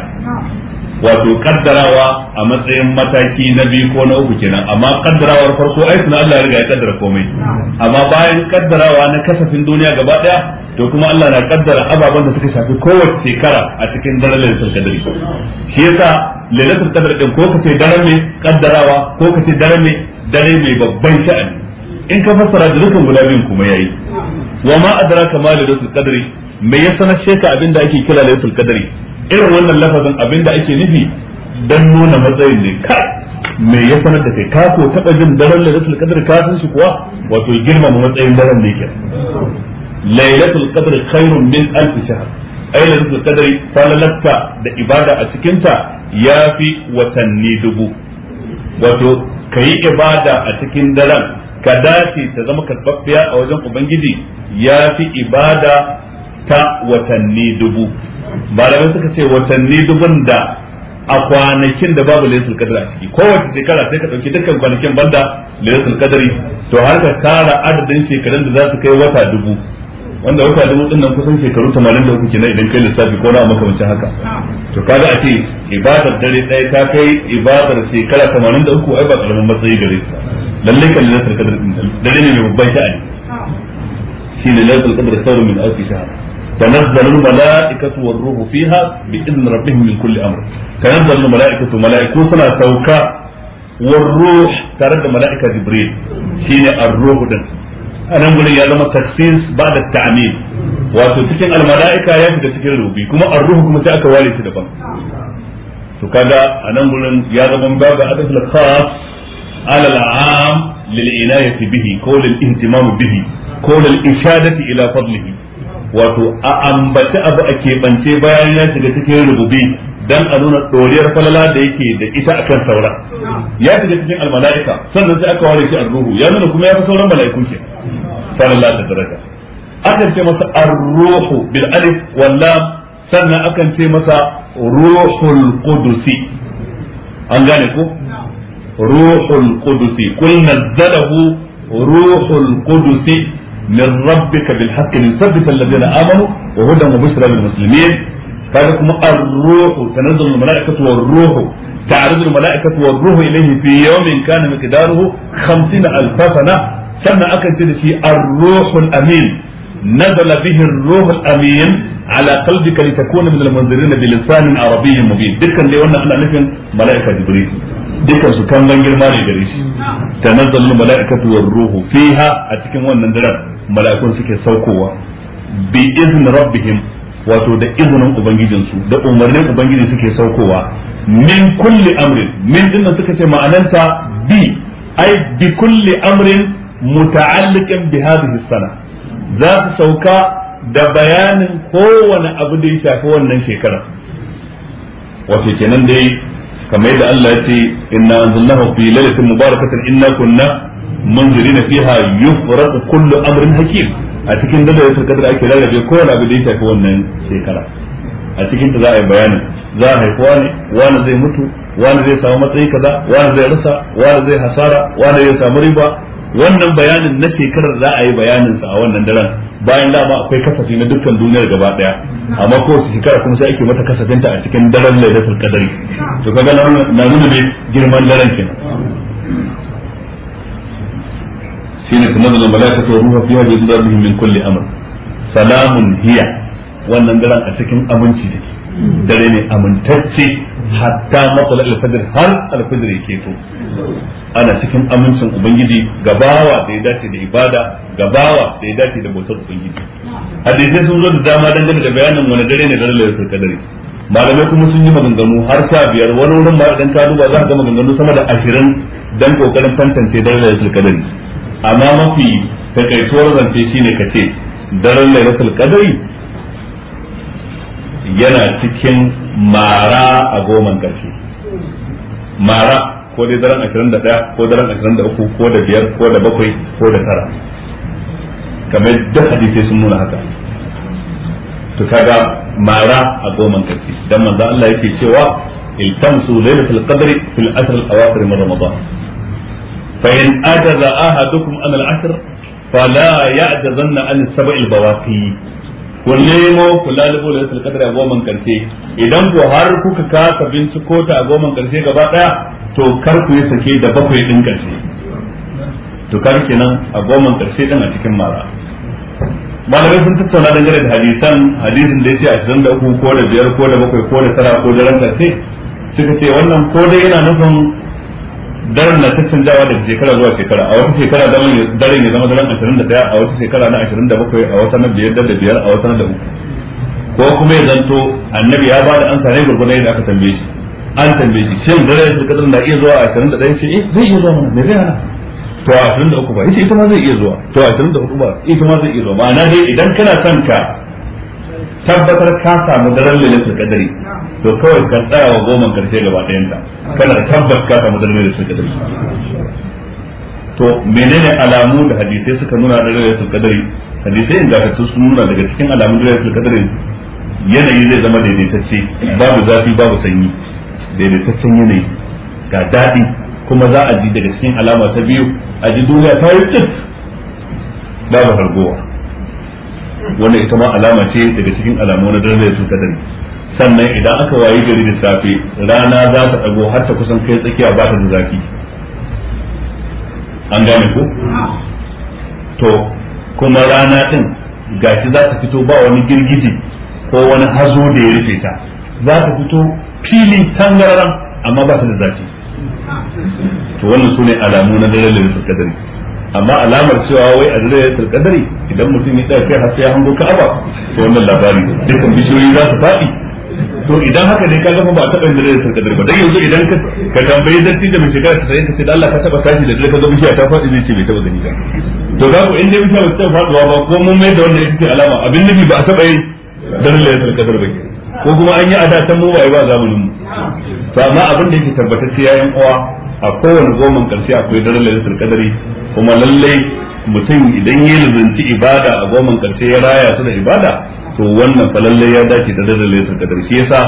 wato kaddarawa a matsayin mataki na biyu ko na uku kenan amma kaddarawar farko ai sunan Allah ya riga ya kaddara komai amma bayan kaddarawa na kasafin duniya gaba daya to kuma Allah na kaddara ababen da suka shafi kowace shekara a cikin daren lailatul kadari. shi yasa lailatul kadari din ko kace daren ne kaddarawa ko kace daren dare mai babban sha'ani in ka fassara da dukkan guda biyun kuma yayi wa ma adraka ma lailatul qadri me ya sanar sheka abinda ake kira lailatul qadri irin wannan lafazin abinda ake nufi dan nuna matsayin ne ka me ya sanar da kai ka ko taba jin daren lailatul qadri ka san shi kuwa wato girmama matsayin daren ne ke. lailatul qadri khairun min alf shahr ai lailatul qadri falalatta da ibada a cikinta yafi watanni dubu wato kayi ibada a cikin daren ka dace ta zama karɓaɓɓiya a wajen ubangiji ya fi ibada ta watanni dubu malamai suka ce watanni dubun da a kwanakin da babu lailatul a ciki kowace shekara sai ka dauki dukkan kwanakin banda lailatul qadri to har ka tara adadin shekarun da za su kai wata dubu wanda wata dubu din nan kusan shekaru 83 kenan idan kai lissafi ko na makamancin haka to kaga a ce ibadar dare ɗaya ta kai ibadar shekara 83 ai ba karamin matsayi gare ta lalle kan lalatar kadar din dare ne mai babban sha'ani shi ne lalatar kadar sauru min alfi shahar تنزل الملائكة والروح فيها بإذن ربهم من كل أمر تنزل الملائكة ملائكة سنة سوكا والروح ترد ملائكة جبريل شين الروح دن anan gurin ya zama taksis ba da ta'amil wato cikin almala'ika ya fita cikin rubi kuma arruhu kuma sai aka ware shi daban to kaga anan gurin ya zama babu adadul khas ala al'am lil inayati bihi ko lil ihtimam bihi ko lil ishadati ila fadlihi wato a ambaci abu a keɓance bayan ya shiga cikin rububi dan a nuna ɗoriyar falala da yake da ita akan saura ya shiga cikin almala'ika sannan sai aka ware shi a ruhu ya nuna kuma ya fi sauran mala'ikun ke الله فلله الدرجة أكن في مسا الروح بالألف واللام سنة أكن في مسا روح القدس أنجانكو روح القدس قل نزله روح القدس من ربك بالحق ليثبت الذين آمنوا وهدى وبشرى للمسلمين لكم الروح تنزل الملائكة والروح تعرض الملائكة والروح إليه في يوم كان مقداره خمسين ألف سنة sannan akan ce da shi ar-ruhul amin nazala bihi ar-ruhul amin ala qalbika litakuna min al-munzirin bi lisanin arabiyyin mubin dukkan dai wannan ana nufin malaika jibril dukkan su kallon girma ne gare shi tanazzalul malaikatu war-ruhu fiha a cikin wannan daren mala'ikun suke saukowa bi izn rabbihim wato da izinin ubangijinsu da umarnin ubangiji suke saukowa min kulli amrin min dinnan suka ce ma'ananta bi ai bi kulli amrin muta'alliqin bi hadhihi sana za su sauka da bayanin kowane abu da ya shafi wannan shekara. wace kenan dai kamar yadda Allah ya ce inna anzalnahu fi lailatin mubarakatin inna kunna munzirina fiha yufraqu kullu amrin hakim a cikin dalilin kadar ake lalabe kowane abu da ya shafi wannan shekara a cikin ta za a yi bayanin za a haifi wani wani zai mutu wani zai samu matsayi kaza wani zai rasa wani zai hasara wani zai samu riba wannan bayanin na shekarar za a yi bayanin sa a wannan daren bayan dama akwai kasafi na dukkan duniyar gaba daya amma su shekara kuma sai ake mata kasafinta a cikin daren lailatul qadari to kaga na nuna ne girman daren kenan shine kuma da malaikatu wa ruha fiha bi rabbihim min kulli amr salamun hiya wannan daren a cikin aminci take dare ne amintacce hatta matsalar alfajir har alfajir yake to ana cikin amincin ubangiji ga bawa da ya dace da ibada ga bawa da ya dace da bautar ubangiji hadisai sun zo da dama dangane da bayanin wani dare ne da lalatar dare malamai kuma sun yi maganganu har sa biyar wani wurin ma idan ta duba za ka ga maganganu sama da ashirin dan kokarin tantance daren lailatul dare amma mafi takaituwar zance ne ka ce daren lailatul dare yana cikin mara a goman karshe mara ko dai daren 21 ko daren 23 ko da biyar ko da bakwai ko da tara kamar duk hadisi sun nuna haka to kaga mara a goma karfi dan manzo Allah yake cewa iltamsu lailatul qadri fil ashr al awakhir min ramadan fa in ajaza ahadukum an al ashr fala ya'jazanna an sab'il bawaqi ku nemo ku lalubo da yasul kadari a goman karshe idan ku har kuka kasa binciko ta a goman karshe gaba daya to kar ku yi sake da bakwai din karshe to kar kenan a goman karshe din a cikin mara malamai sun tattauna dangane da hadisan hadisin da da 23 ko da biyar ko da bakwai ko da tara ko da ran karshe suka ce wannan ko dai yana nufin daren na jawa daga shekara zuwa shekara a wata shekara daren ya zama daren ashirin da daya a wata shekara na ashirin da bakwai a wata na biyar da biyar a wata na da uku ko kuma ya zanto annabi ya ba da an ne gurgurda yadda aka tambaye shi an tambaye shi shin daren shekara na iya zuwa ashirin da ɗaya ce eh zai iya zuwa mana me zai to a ashirin da uku ba ita ma zai iya zuwa to a ashirin da uku ba ita ma zai iya zuwa ma'ana dai idan kana son ka tabbatar ka samu daren lalata kadari to kawai ka tsaya wa goma karshe gaba ɗayan ta kana tabbas ka samu dalilin da suka dari to menene alamu da hadisai suka nuna da rayuwar dari hadisai ka sun nuna daga cikin alamun rayuwar dari yanayi zai zama daidaitacce babu zafi babu sanyi daidaitaccen yanayi ga daɗi kuma za a ji daga cikin alama ta biyu a ji duniya ta yi tsit babu hargowa wannan ita ma alama ce daga cikin alamu na darajar su kadari sannan idan aka wayi gari da safe rana za ta dago har ta kusan kai tsakiya ba ta da zafi an gane ko to kuma rana din gashi za ta fito ba wani girgiji ko wani hazo da ya rufe ta za ta fito filin tangararan amma ba ta da zafi to wannan sune alamu na da suka dare. amma alamar cewa wai a daren qadari idan mutum ya tsaya kai har sai ya hango ka'aba to wannan labari dukkan bishiyoyi za su faɗi to idan haka ne ka gama ba a taɓa yin da kadar ba dan yanzu idan ka tambayi datti da mai shekara ta sai ka ce da Allah ka taɓa tashi da dare ka ga bishiya ta faɗi zai ce bai taɓa gani ba to ga ku in dai bishiya ba ta faɗuwa ba ko mun mai da wannan ita alama abin nabi ba a taɓa yin daren lailatul kadar ba ko kuma an yi ada san mu ba ai ba zamanin mu to amma abin da yake ce yayin uwa a kowane goman karshe akwai daren lailatul kadari kuma lallai mutum idan ya lazanci ibada a goman karshe ya raya su da ibada to wannan falalle ya dace da dalilin da kadar shi yasa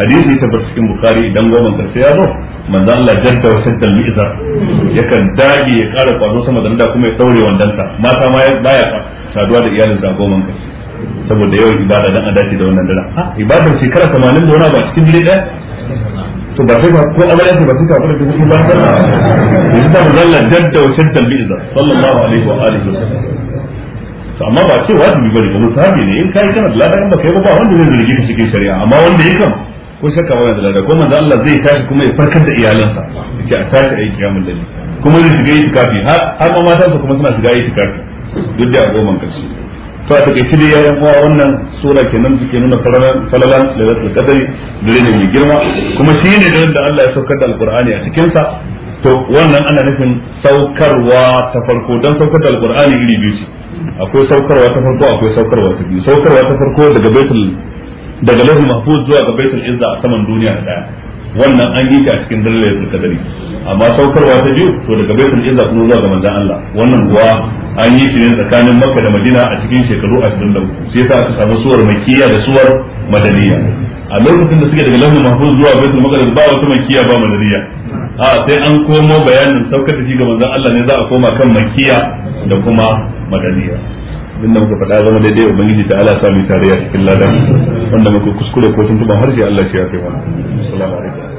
hadisi ta bar cikin bukhari idan goma karshe ya zo manzo Allah jadda wa saddal mizar yakan dage ya kara kwano sama da kuma ya daure ta mata ma ya baya saduwa da iyalin sa goma karshe saboda yawan ibada dan a dace da wannan dare ah ibadar shekara 80 da wani ba cikin dare da to ba sai ba ko amarya ba sai fara da kuma ba sallah yanzu da manzo Allah jadda wa saddal mi'za sallallahu alaihi wa alihi wasallam to amma ba ce wajibi bane ba musabi ne in kai kana da lada ba kai ba ba wanda zai zargi ka cikin shari'a amma wanda ya kan ko shakka ba da lada ko manzo Allah zai tashi kuma ya farkar da iyalansa yace a tashi yi kiyamul layl kuma zai shiga itikafi har har ma matansa kuma suna shiga itikafi duk da goma kashi to a take dai yayin uwa wannan sura kenan take nuna falalan da lailatul qadri dare ne mai girma kuma shi ne da Allah ya saukar da alqur'ani a cikin sa to wannan ana nufin saukarwa ta farko don saukar da alkur'ani iri biyu ce akwai saukarwa ta farko akwai saukarwa ta biyu saukarwa ta farko daga baitul daga lahul mahfuz zuwa ga baitul izza a saman duniya da daya wannan an yi ta a cikin dalilin kadari amma saukarwa ta biyu to daga baitul izza kuma zuwa ga manzon Allah wannan kuwa an yi shi ne tsakanin Makka da Madina a cikin shekaru 23 sai ta aka samu suwar makkiya da suwar madaniya a lokacin da suke daga lafin mahfuz zuwa baitul maqdis ba wata makkiya ba madaniya a sai an komo bayanin saukar da shi ga manzon Allah ne za a koma kan makkiya da kuma madaniya din da muka faɗa zama daidai bangiji ta ala sami tarayya cikin ladan wanda muka kuskure ko tuntuban harshe Allah shi ya kai mana assalamu alaikum